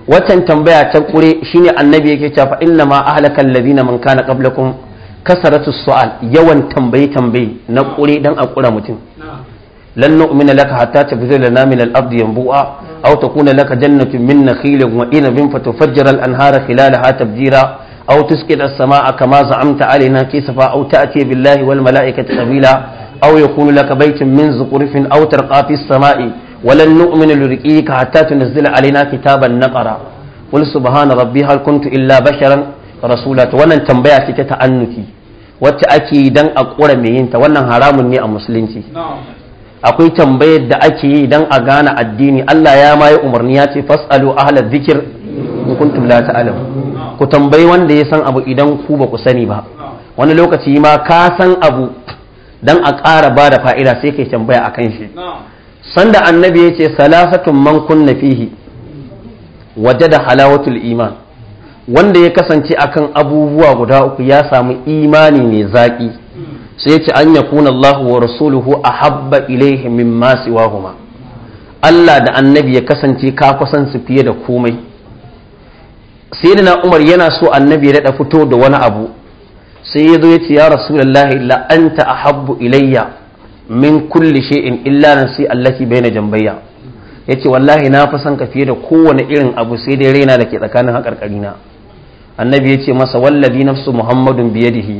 [SPEAKER 1] watan tambaya ta kure shine annabi yake cewa fa inna ma ahlakal ladina man kana qablakum kasaratu su'al yawan tambaye tambaye na kure dan kura mutum lan nu'mina laka hatta tabzu lana min al-ard yanbu'a aw takuna laka jannatu min nakhilin wa inabin fatufajjira al-anhara khilalaha tabjira aw tusqita as-samaa'a kama za'amta alaina kisafa aw ta'ti billahi wal mala'ikati qabila aw yakunu laka baytun min zuqrifin aw tarqa fis sama'i walan nu'minu lirqika hatta tunzila alaina kitaban naqara qul subhana rabbi hal kuntu illa basharan rasula wannan tambaya ce ta annuki wacce ake dan a kura mai yinta wannan haramun ne a musulunci akwai tambayar da ake yi dan a gane addini Allah ya ma yi umarni ya ce fasalu ahla dhikr in kuntum la ta'lamu ku tambayi wanda ya san abu idan ku baku sani ba wani lokaci ma ka san abu dan a ƙara ba da fa'ida sai kai tambaya a kan shi sanda annabi ya ce salasatun man kunna fihi waje da halawatul iman wanda ya kasance akan abubuwa guda uku ya samu imani mai zaƙi sai ya an ya kuna Allah wa rasuluhu a habba ilaihi min masu huma Allah da annabi ya kasance ka kusan su fiye da komai sai da na umar yana so annabi ya daɗa fito da wani abu sai ya zo ya ce ya rasulullahi la anta habbu ilayya min kulli shain illa allaki bai na jambayya yace wallahi na fi son ka fiye da kowane irin abu sai dai raina da ke tsakanin haƙarƙari na annabi yace masa na nafsu muhammadun biyadihi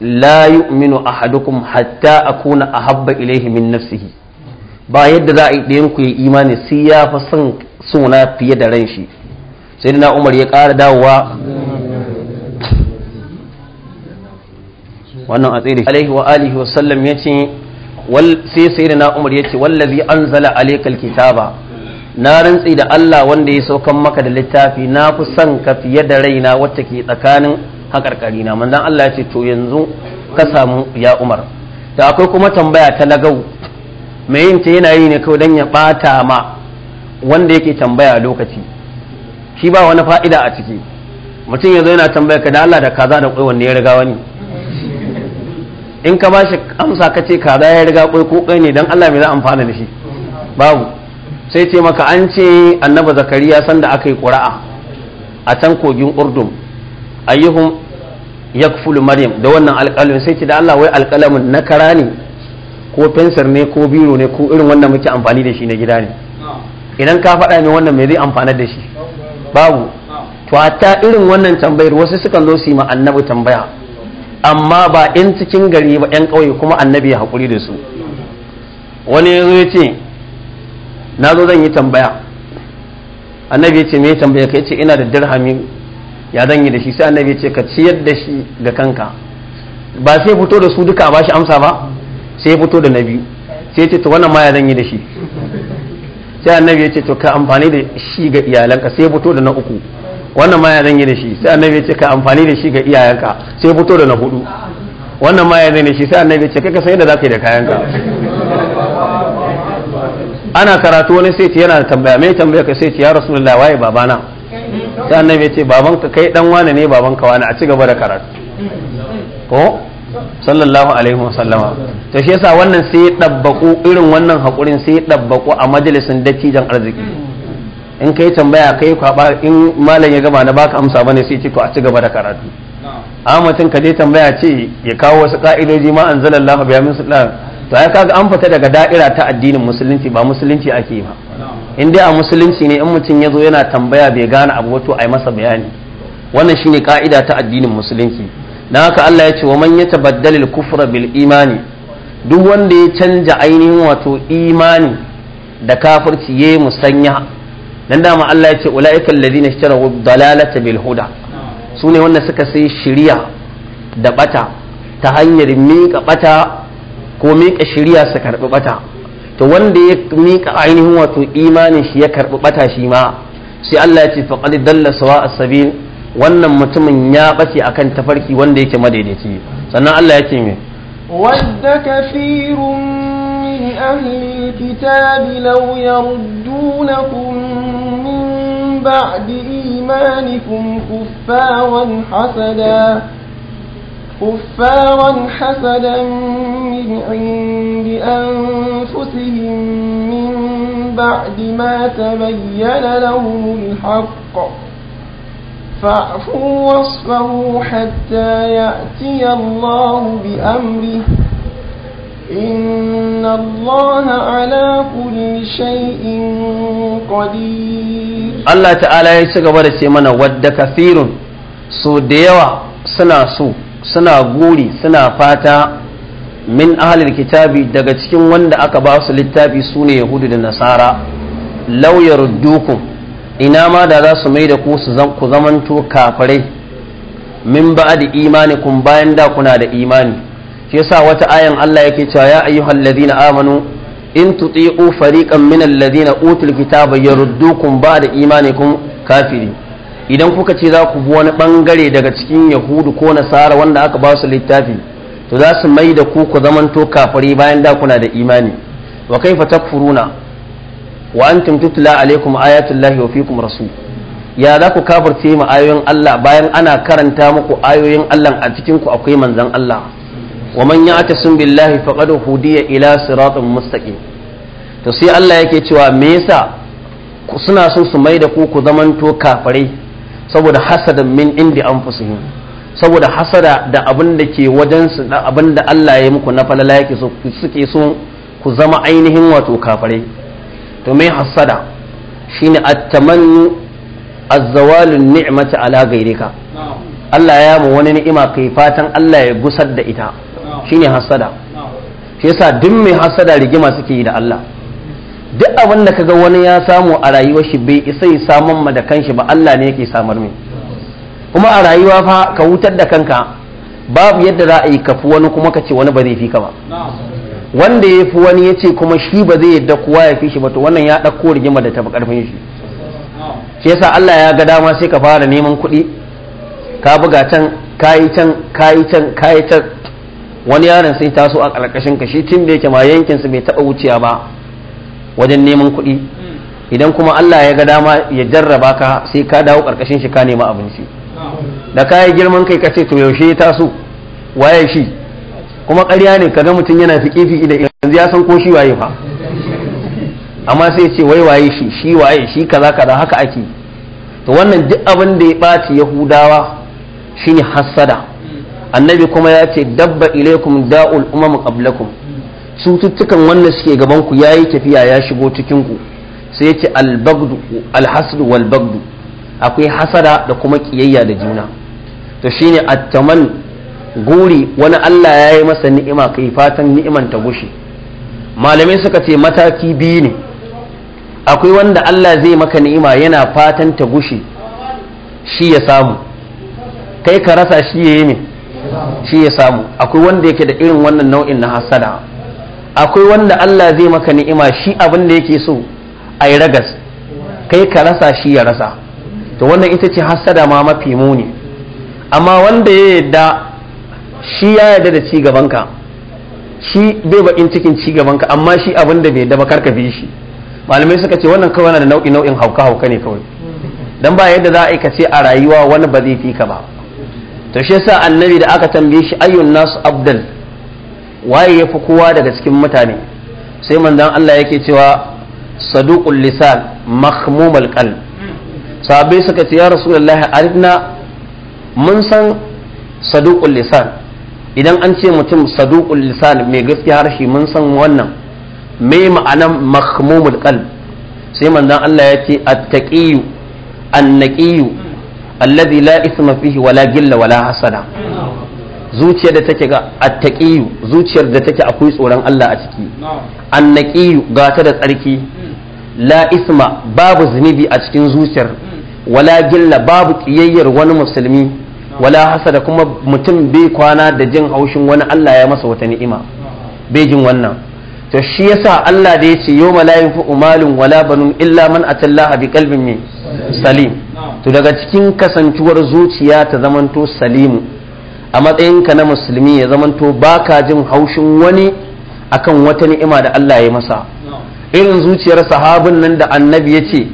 [SPEAKER 1] la yu'minu ahadukum hatta akuna ahabba ilayhi min nafsihi ba yadda za a yi ɗayan ku yi imani sai ya fi son suna fiye da ran shi sai na umar ya ƙara dawowa wannan a tsere alaihi wa alihi wa sallam yace wal sai sayyidina umar yace wallazi anzala alaykal kitaba na rantsi da Allah wanda ya saukan maka da littafi na fi son ka fiye da raina wacce ke tsakanin haƙarƙari na manzon Allah ya ce to yanzu ka samu ya umar da akwai kuma tambaya ta lagau mai yin ta yana yi ne kawai don ya ɓata ma wanda yake tambaya lokaci shi ba wani fa'ida a ciki mutum yanzu yana tambaya ka da Allah da kaza da kwai wanne ya riga wani in ka ba shi amsa ka ce kaza ya riga koi ko kai ne dan Allah mai za amfana da shi babu sai ce maka an ce annabi zakariya sanda aka yi qura'a a can kogin urdum ayyuhum yakful maryam da wannan alƙalamin sai ce da Allah wai alƙalamin na kara ne ko fensir ne ko biro ne ko irin wannan muke amfani da shi na gida ne idan ka faɗa min wannan me zai amfana da shi babu to ta irin wannan tambayar wasu sukan zo su yi ma annabi tambaya amma ba in cikin gari ba 'yan ƙauye kuma annabi ya haƙuri da su wani ya zo ya ce na zo zan yi tambaya annabi ya ce me tambaya ka ce ina da dirhami ya zan yi da shi sai annabi ya ce ka ciyar da shi ga kanka ba sai fito da su duka ba shi amsa ba sai fito da na biyu sai ce to wannan ma ya zan yi da shi sai annabi ya ce to ka amfani da shi ga iyalanka sai fito da na uku wannan ma ya zan yi da shi sai annabi ya ce ka amfani da shi ga iyayenka sai ya fito da na hudu wannan ma ya zan da shi sai annabi ya ce kai ka san yadda ka yi da kayanka ana karatu wani sai ce yana tambaya mai tambaya ka sai ce ya rasulullahi waye babana sai annabi ya ce babanka kai dan wane ne babanka wane a ci gaba da karatu ko sallallahu alaihi wasallama to shi yasa wannan sai ya dabbaku irin wannan hakurin sai ya dabbaku a majalisin dattijan arziki in kai tambaya kai kwaba in malam ya gaba na baka amsa bane sai ce to a ci gaba da karatu mutum ka je tambaya ce ya kawo wasu ka'idoji ma anzalallahu biya min sultan to ai kaga an fita daga da'ira ta addinin musulunci ba musulunci ake ba in dai a musulunci ne in mutum ya zo yana tambaya bai gane abu wato ai masa bayani wannan shine ka'ida ta addinin musulunci dan haka Allah ya ce wa man yatabaddalil kufra bil imani duk wanda ya canja ainihin wato imani da kafirci yayi musanya dan dama Allah ya ce ulaiikal ladina ishtaraw dalalata bil huda sune wanda suka sai shiriya da bata ta hanyar miƙa bata ko miƙa shiriya su karɓi bata to wanda ya miƙa ainihin wato imanin shi ya karɓi bata shi ma sai Allah ya ce faqad dalla sawa as-sabil wannan mutumin ya bace akan tafarki wanda yake madaidaici sannan Allah ya ce me
[SPEAKER 2] wadda kafirun من أهل الكتاب لو يردونكم من بعد إيمانكم كفارا حسدا كفارا حسدا من عند أنفسهم من بعد ما تبين لهم الحق فاعفوا واصفروا حتى يأتي الله بأمره إن الله على كل شيء قدير
[SPEAKER 1] الله تعالى ce mana من ود كثير da yawa suna سو suna guri suna fata min ahalar kitabi daga cikin wanda aka ba su littafi su ne yahudu da nasara lauyar dukun ina ma da za su mai da ku ku zamanto kafirai min ba da imani bayan da kuna da imani shi yasa wata ayan Allah yake cewa ya ayyuhal ladina amanu in tuti'u fariqan min alladhina utul kitaba yaruddukum ba'da imanikum kafiri idan kuka ce za ku bi wani bangare daga cikin yahudu ko nasara wanda aka ba su littafi to za su mai da ku ku zamanto kafiri bayan da kuna da imani wa kaifa takfuruna wa antum tutla alaikum ayatullahi wa fikum rasul ya za ku kafirce mu ayoyin Allah bayan ana karanta muku ayoyin Allah a cikin ku akwai manzon Allah wa يعتصم بالله فقد هدي hudiya ila مستقيم mustaqim to sai Allah yake cewa me yasa suna so su mai da ku ku zamanto kafare saboda hasadan min indi anfusihim saboda hasada da abin da ke wajen su da abin da Allah ya muku na falala yake so suke so ku zama ainihin wato kafare to mai hasada shine at-tamannu az-zawalun ni'mati ala ghayrika Allah ya mu wani ni'ima kai fatan Allah ya gusar da ita shine hasada shi yasa duk mai hasada rigima suke yi da Allah duk abin da kaga wani ya samu a rayuwar shi bai isa ya samun ma da kanshi ba Allah ne yake samar mai kuma a rayuwa fa ka wutar da kanka babu yadda za a yi kafu wani kuma ka ce wani ba zai fi ka ba wanda ya fi wani ya ce kuma shi ba zai yadda kowa ya fi shi ba to wannan ya ɗauko rigima da tafi ƙarfin shi shi yasa Allah ya ga dama sai ka fara neman kuɗi ka buga can kayi can kayi can kayi can wani yaron sai taso a ƙarƙashin ka shi tun da yake ma yankin su bai taɓa wuciya ba wajen neman kuɗi idan kuma Allah ya ga dama ya jarraba ka sai ka dawo ƙarƙashin shi ka nema abinci da ka girman kai ka ce to yaushe ya taso waye shi kuma ƙarya ne kaga mutum yana fiƙi fiƙi da yanzu ya san ko shi waye fa amma sai ce wai waye shi shi waye shi kaza kaza haka ake to wannan duk abin da ya ɓaci yahudawa shine hassada annabi kuma ya ce dabba ilaikum da'ul umam qablakum cututtukan wanda suke gaban ku yayi tafiya ya shigo cikin ku sai yace ce al-bagdu wal bagdu akwai hasada da kuma kiyayya da juna to shine at-taman guri wani Allah ya yi masa ni'ima kai fatan ni'iman ta gushe malamai suka ce mataki biyu ne akwai wanda Allah zai maka ni'ima yana fatan ta gushe shi ya samu kai ka rasa shi ya yi ne shi ya samu akwai wanda yake da irin wannan nau'in na hasada akwai wanda Allah zai maka ni'ima shi abin da yake so a yi ragas kai ka rasa shi ya rasa to wannan ita ce hasada ma mafi muni amma wanda ya yadda shi ya yarda da ci gabanka shi bai bakin cikin ci gabanka amma shi abin da bai daba karka bi shi malamai suka ce wannan kawai na da nau'i nau'in hauka hauka ne kawai dan ba yadda za a aikace a rayuwa wani ba zai fi ka ba to shi yasa annabi da aka tambaye shi ayyun nasu abdal waye yafi kowa daga cikin mutane sai manzon Allah yake cewa saduqul lisan mahmumul qalb sahabbai suka ce ya rasulullahi arifna mun san saduqul lisan idan an ce mutum saduqul lisan mai gaskiya harshe mun san wannan me ma'anan mahmumul qalb sai manzon Allah ya ce at-taqiyyu an-naqiyyu alladhi la isma fihi wala gilla wala hasada zuciyar da take ga attaqiyu zuciyar da take akwai tsoron Allah a ciki annaqiyu ga ta da tsarki la isma babu zunubi a cikin zuciyar wala gilla babu kiyayyar wani musulmi wala hasada kuma mutum bai kwana da jin haushin wani Allah ya masa wata ni'ima bai jin wannan to shi yasa Allah da yace yawma la yanfu malun wala banun illa man atallaha bi qalbin salim to daga cikin kasantuwar zuciya ta zamanto salimu a matsayinka na musulmi ya zamanto baka jin haushin wani akan wata ni'ima da Allah ya masa irin zuciyar sahabin nan da annabi ya ce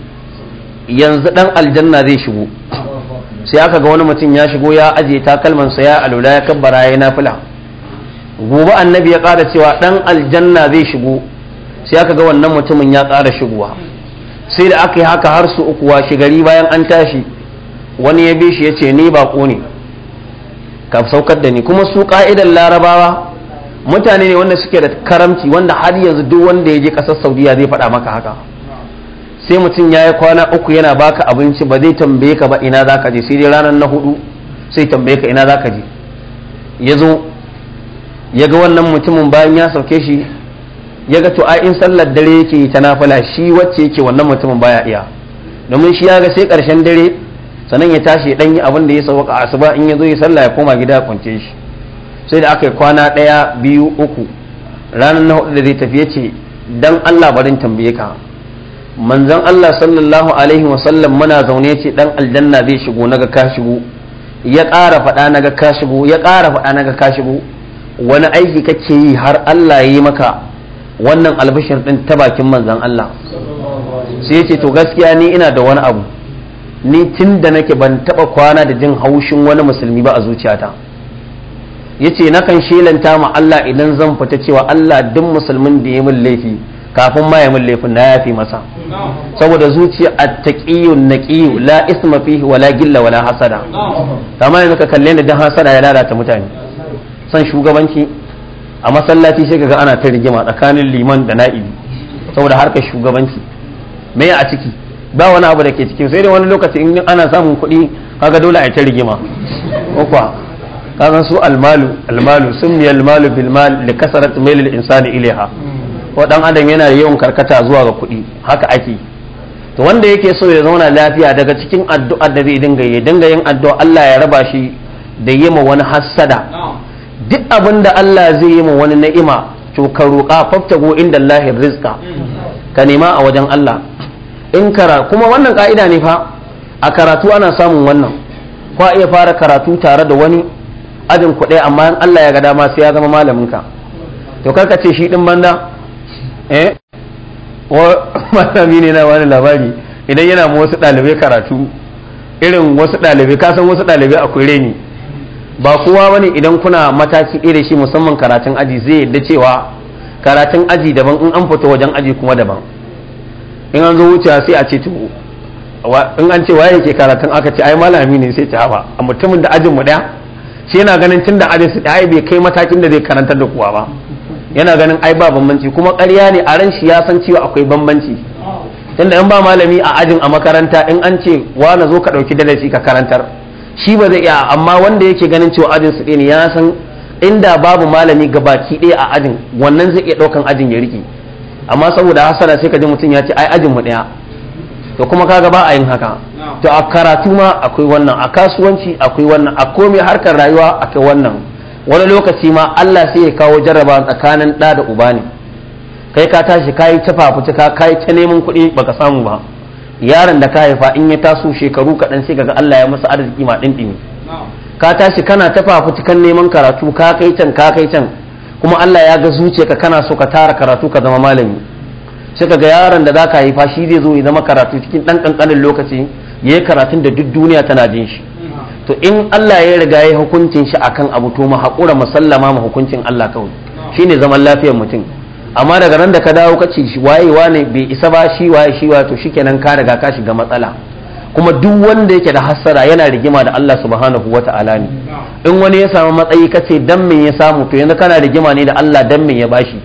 [SPEAKER 1] yanzu dan aljanna zai shigo sai aka ga wani mutum ya shigo ya ajiye takalmansa ya alula ya kabbara ya nafila gobe annabi ya ƙara cewa dan aljanna zai shigo sai aka ga wannan mutumin ya ƙara shigowa sai da aka yi haka har su uku washe gari bayan an tashi wani ya bi shi ya ce ni bako ne ka saukar da ni kuma su ka'idar larabawa mutane ne wanda suke da karamci wanda har yanzu duk wanda ya je ƙasar saudiya zai faɗa maka haka sai mutum ya yi kwana uku yana baka abinci ba zai tambaye ka ba ina za ka je sai dai ranar na hudu sai tambaye ka ina za ka je ya zo ya ga wannan mutumin bayan ya sauke shi ya ga to in sallar dare yake ta nafila shi wacce yake wannan mutumin baya iya domin shi ya ga sai karshen dare sannan ya tashi dan yi abin da ya sauka a asuba in ya zo ya sallah ya koma gida ya kwance shi sai da aka yi kwana ɗaya biyu uku ranar na hudu da zai tafi ce dan Allah barin tambaye ka manzon Allah sallallahu alaihi wasallam muna zaune ce dan aljanna zai shigo naga ka shigo ya ƙara faɗa naga ka shigo ya ƙara faɗa naga ka shigo wani aiki kake yi har Allah ya yi maka wannan albashir din ta bakin manzan Allah sai yace to gaskiya ni ina da wani abu ni tun da nake ban taba kwana da jin haushin wani musulmi ba a zuciyata yace nakan shelanta ma Allah idan zan fita cewa Allah duk musulmin da ya min laifi kafin ma ya min laifin na yafi masa saboda zuciya na naqiyyu la isma fihi wala gilla wala hasada amma yanzu ka kalle ni dan hasada ya lalata mutane son shugabanci a masallaci sai kaga ana ta rigima tsakanin liman da na'ibi saboda harkar shugabanci me a ciki ba wani abu da ke cikin sai dai wani lokaci in ana samun kuɗi kaga dole a yi ta rigima kuwa kaga su almalu almalu sun mi almalu bil mal li kasarat mail al insani ilaiha ko dan adam yana yawan karkata zuwa ga kuɗi haka ake to wanda yake so ya zauna lafiya daga cikin addu'ar da zai dinga yi dinga yin addu'a Allah ya raba shi da yi ma wani hassada duk abin da Allah zai yi ma wani na'ima to ka roƙa faftago inda Allahi rizqa ka nema a wajen Allah in kara kuma wannan ka'ida ne fa a karatu ana samun wannan a iya fara karatu tare da wani ajin kuɗi amma in Allah ya ga dama sai ya zama malamin ka to karka ce shi din banda eh malami ne na wani labari idan yana ma wasu ɗalibai karatu irin wasu ɗalibai kasan wasu ɗalibai akwai reni ba kowa bane idan kuna mataki ɗaya shi musamman karatun aji zai yadda cewa karatun aji daban in an fito wajen aji kuma daban in an zo wuce sai a ce to in an ce waye ke karatun aka ce ai malami ne sai ta ba a mutumin da ajin mu daya shi yana ganin tunda ajin su daya bai kai matakin da zai karantar da kowa ba yana ganin ai ba bambanci kuma ƙarya ne a ran shi ya san cewa akwai bambanci tunda in ba malami a ajin a makaranta in an ce wa na zo ka ɗauki darasi ka karantar shi ba zai iya amma wanda yake ganin cewa ajin su ne ya san inda babu malami gabaki ɗaya a ajin wannan zai iya ɗaukan ajin ya riƙe amma saboda hasara sai ka ji mutum ya ce ai ajin mu ɗaya to kuma kaga ba a yin haka to a karatu ma akwai wannan a kasuwanci akwai wannan a komai harkar rayuwa akwai wannan wani lokaci ma Allah sai ya kawo jarraba tsakanin ɗa da uba ne kai ka tashi kayi ta ka kayi ta neman kuɗi baka samu ba yaron da ka haifa in ya taso shekaru kaɗan sai kaga Allah ya masa arziki ma ɗinɗini ka tashi kana ta fafutukan neman karatu ka kai can ka kai can kuma Allah ya ga ka, kana so ka tara karatu ka zama malami sai kaga yaron da zaka haifa shi zai zo ya zama karatu cikin ɗan ƙanƙanin lokaci ya yi karatun da duk duniya tana jin shi to in Allah ya riga ya yi hukuncin shi akan abu to mu haƙura mu sallama mu hukuncin Allah kawai shine zaman lafiyar mutum amma daga nan da ka dawo ka ce waye wane bai isa ba shi waye shi wato to shikenan ka riga ka shiga matsala kuma duk wanda yake da hassara yana rigima da Allah subhanahu wata'ala ne in wani ya samu matsayi ka ce dan me ya samu to yanzu kana rigima ne da Allah dan me ya bashi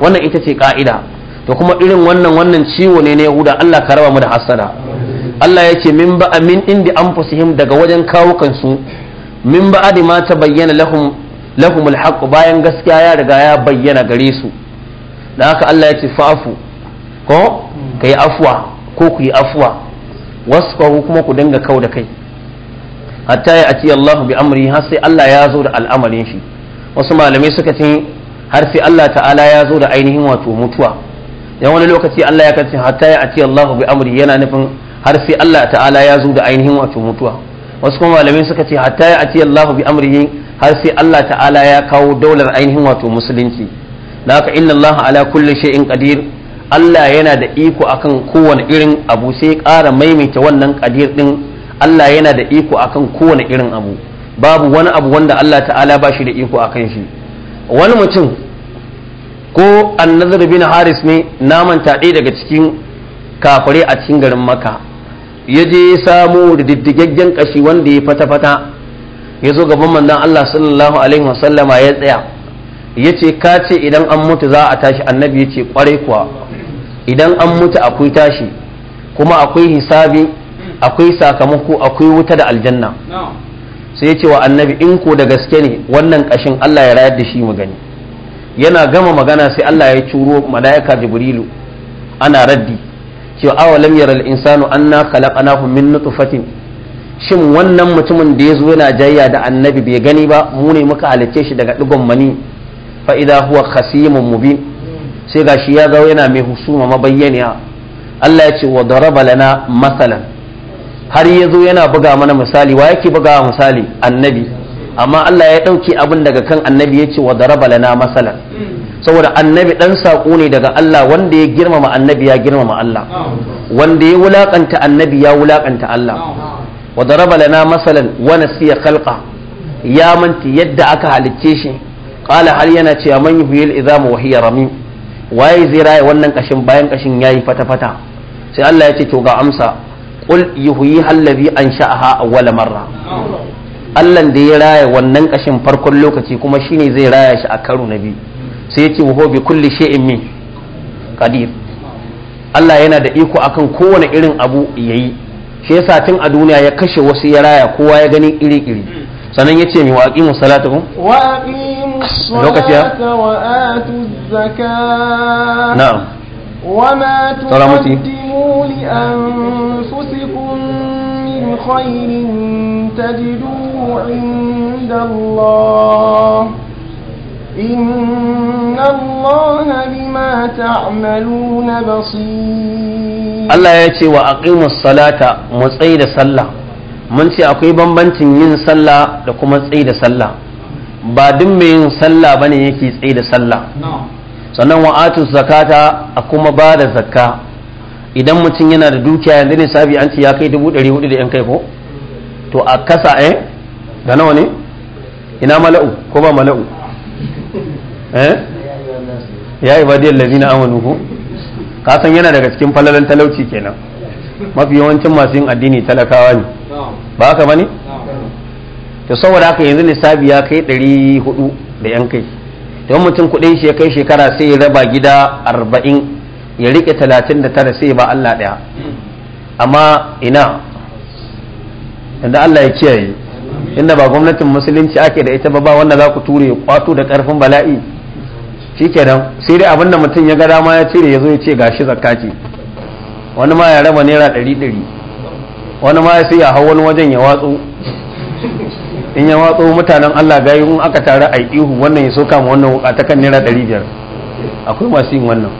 [SPEAKER 1] wannan ita ce ka'ida to kuma irin wannan wannan ciwo ne na Yahuda Allah ka raba mu da hassara Allah ya ce min ba amin indi anfusihim daga wajen kawo kansu min ba ma ta bayyana lahum lahumul haqq bayan gaskiya ya riga ya bayyana gare su da haka Allah ya ce fa'afu ko ka yi afuwa ko ku yi afuwa wasu wasfahu kuma ku dinga kau da kai hatta ya ati Allah bi amri har sai Allah ya zo da al'amarin shi wasu malamai suka ce har sai Allah ta'ala ya zo da ainihin wato mutuwa dan wani lokaci Allah ya kace hatta ya ati Allah bi amri yana nufin har sai Allah ta'ala ya zo da ainihin wato mutuwa wasu kuma malamai suka ce hatta ya ati Allah bi amri har sai Allah ta'ala ya kawo daular ainihin wato musulunci haka inna Allah ala kulli shay'in qadir Allah yana da iko akan kowane irin abu sai ƙara maimaita wannan qadir din Allah yana da iko akan kowane irin abu babu wani abu wanda Allah ta'ala ba shi da iko akan shi wani mutum ko annazar bin haris ne naman taɗe daga cikin kafare a cikin garin maka ya je ya samu da diddigaggen ƙashi wanda ya fata-fata ya zo gaban manzon Allah sallallahu alaihi wasallama ya tsaya ya ce ka ce idan an mutu za a tashi annabi ya ce kwarai kuwa idan an mutu akwai tashi kuma akwai hisabi akwai sakamako akwai wuta da aljanna sai ya ce wa annabi in ko da gaske ne wannan kashin Allah ya rayar da shi mu gani yana gama magana sai Allah ya curo mala'ika jibrilu ana raddi cewa awalam yaral insanu anna khalaqnahu min nutfatin shin wannan mutumin da ya zo yana jayya da annabi bai gani ba mu ne muka halicce shi daga digon mani fa idza huwa khasimun mubin sai gashi ya ga yana mai husuma mabayyaniya Allah ya ce wa daraba lana masalan har ya zo yana buga mana misali wa yake buga misali annabi amma Allah ya ɗauki abin daga kan annabi ya ce wa daraba lana masalan saboda annabi ɗan saƙo ne daga Allah wanda ya girmama annabi ya girmama Allah wanda ya wulaƙanta annabi ya wulaƙanta Allah wa daraba lana masalan wa nasiya khalqa ya manta yadda aka halicce shi qala har yana cewa man yuhyil izama wa hiya ramim waye zai raya wannan kashin bayan kashin yayi fata fata sai Allah ya ce to ga amsa qul yuhyi allazi ansha'aha awwala marra Allah da ya raya wannan kashin farkon lokaci kuma shine zai raya shi a karo na biyu sai ya ce wa bi kulli shay'in Allah yana da iko akan kowane irin abu yayi shi yasa tun a duniya ya kashe wasu ya raya kowa ya gani iri iri sannan ya ce mi wa aqimu salatakum
[SPEAKER 2] wa aqimu salata wa atu zakata na'am wa ma tuqaddimu li anfusikum min khairin tajiduhu inda Allah إن الله بما تعملون بصير
[SPEAKER 1] الله يأتي وأقيموا الصلاة da sallah. mun ce akwai bambancin yin sallah da kuma tsaye da sallah ba duk mai yin sallah bane yake tsaye da sallah sannan wa'atu zakata a kuma ba da zakka idan mutum yana da dukiya yanzu ne sabi an ce ya kai dubu ɗari hudu da yan kai ko to a kasa eh da nawa ne ina mala'u ko ba mala'u eh ya ibadiyar lazina amanu ko ka san yana daga cikin falalan talauci kenan mafi yawancin masu yin addini talakawa ne ba haka bane to saboda haka yanzu lissafi ya kai ɗari hudu da yan kai don mutum kuɗin shi ya kai shekara sai ya raba gida arba'in ya rike talatin da tara sai ba Allah ɗaya amma ina inda Allah ya kiyaye inda ba gwamnatin musulunci ake da ita ba ba wanda za ku ture ya kwato da ƙarfin bala'i shikenan sai dai abinda mutum ya ga dama ya cire ya zo ya ce gashi zakka wani ma ya raba naira ɗari ɗari wani ma ya ya hau wani wajen ya watsu in ya watsu mutanen Allah gayu in aka tare a ihu wannan ya soka ma wannan ta kan naira ɗari biyar akwai masu yin wannan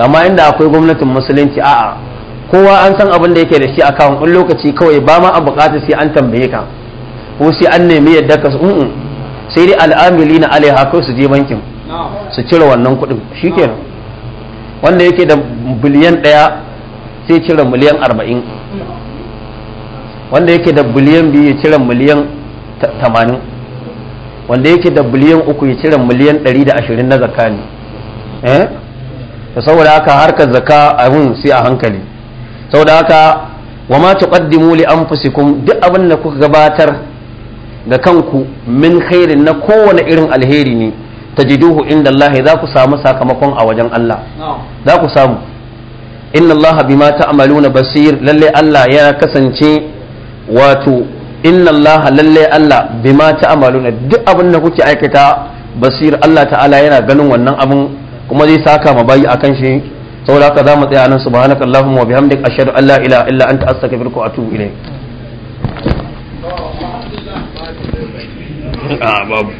[SPEAKER 1] amma inda akwai gwamnatin musulunci a'a kowa an san abin da yake da shi a kawon in lokaci kawai ba ma a bukata sai an tambaye ka ko sai an nemi yadda ka su sai dai al'amili na alaiha kawai su je bankin su cire wannan kuɗin ke wanda yake da biliyan ɗaya sai cire miliyan arba'in wanda yake da biliyan biyu ya cire miliyan tamanin wanda yake da biliyan uku ya cire miliyan ɗari da ashirin na zaka ne da eh? saboda haka harkar zaka abin sai a hankali saboda haka wa ma tuqaddimu li anfusikum duk abin da kuka gabatar ga kanku min khairin na kowane irin alheri ne tajiduhu inda Allah za ku samu sakamakon a wajen Allah za ku samu inna Allah bima ta'maluna basir lalle Allah ya kasance wato inna Allah lalle Allah bima ta'maluna duk abin da kuke aikata basir Allah ta'ala yana ganin wannan abin kuma zai saka ma bayi akan shi saboda haka zamu tsaya nan subhanaka allahumma wa bihamdika ashhadu an la ilaha illa anta astaghfiruka wa atubu ilayk
[SPEAKER 3] a ah, babu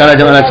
[SPEAKER 3] kana jama'a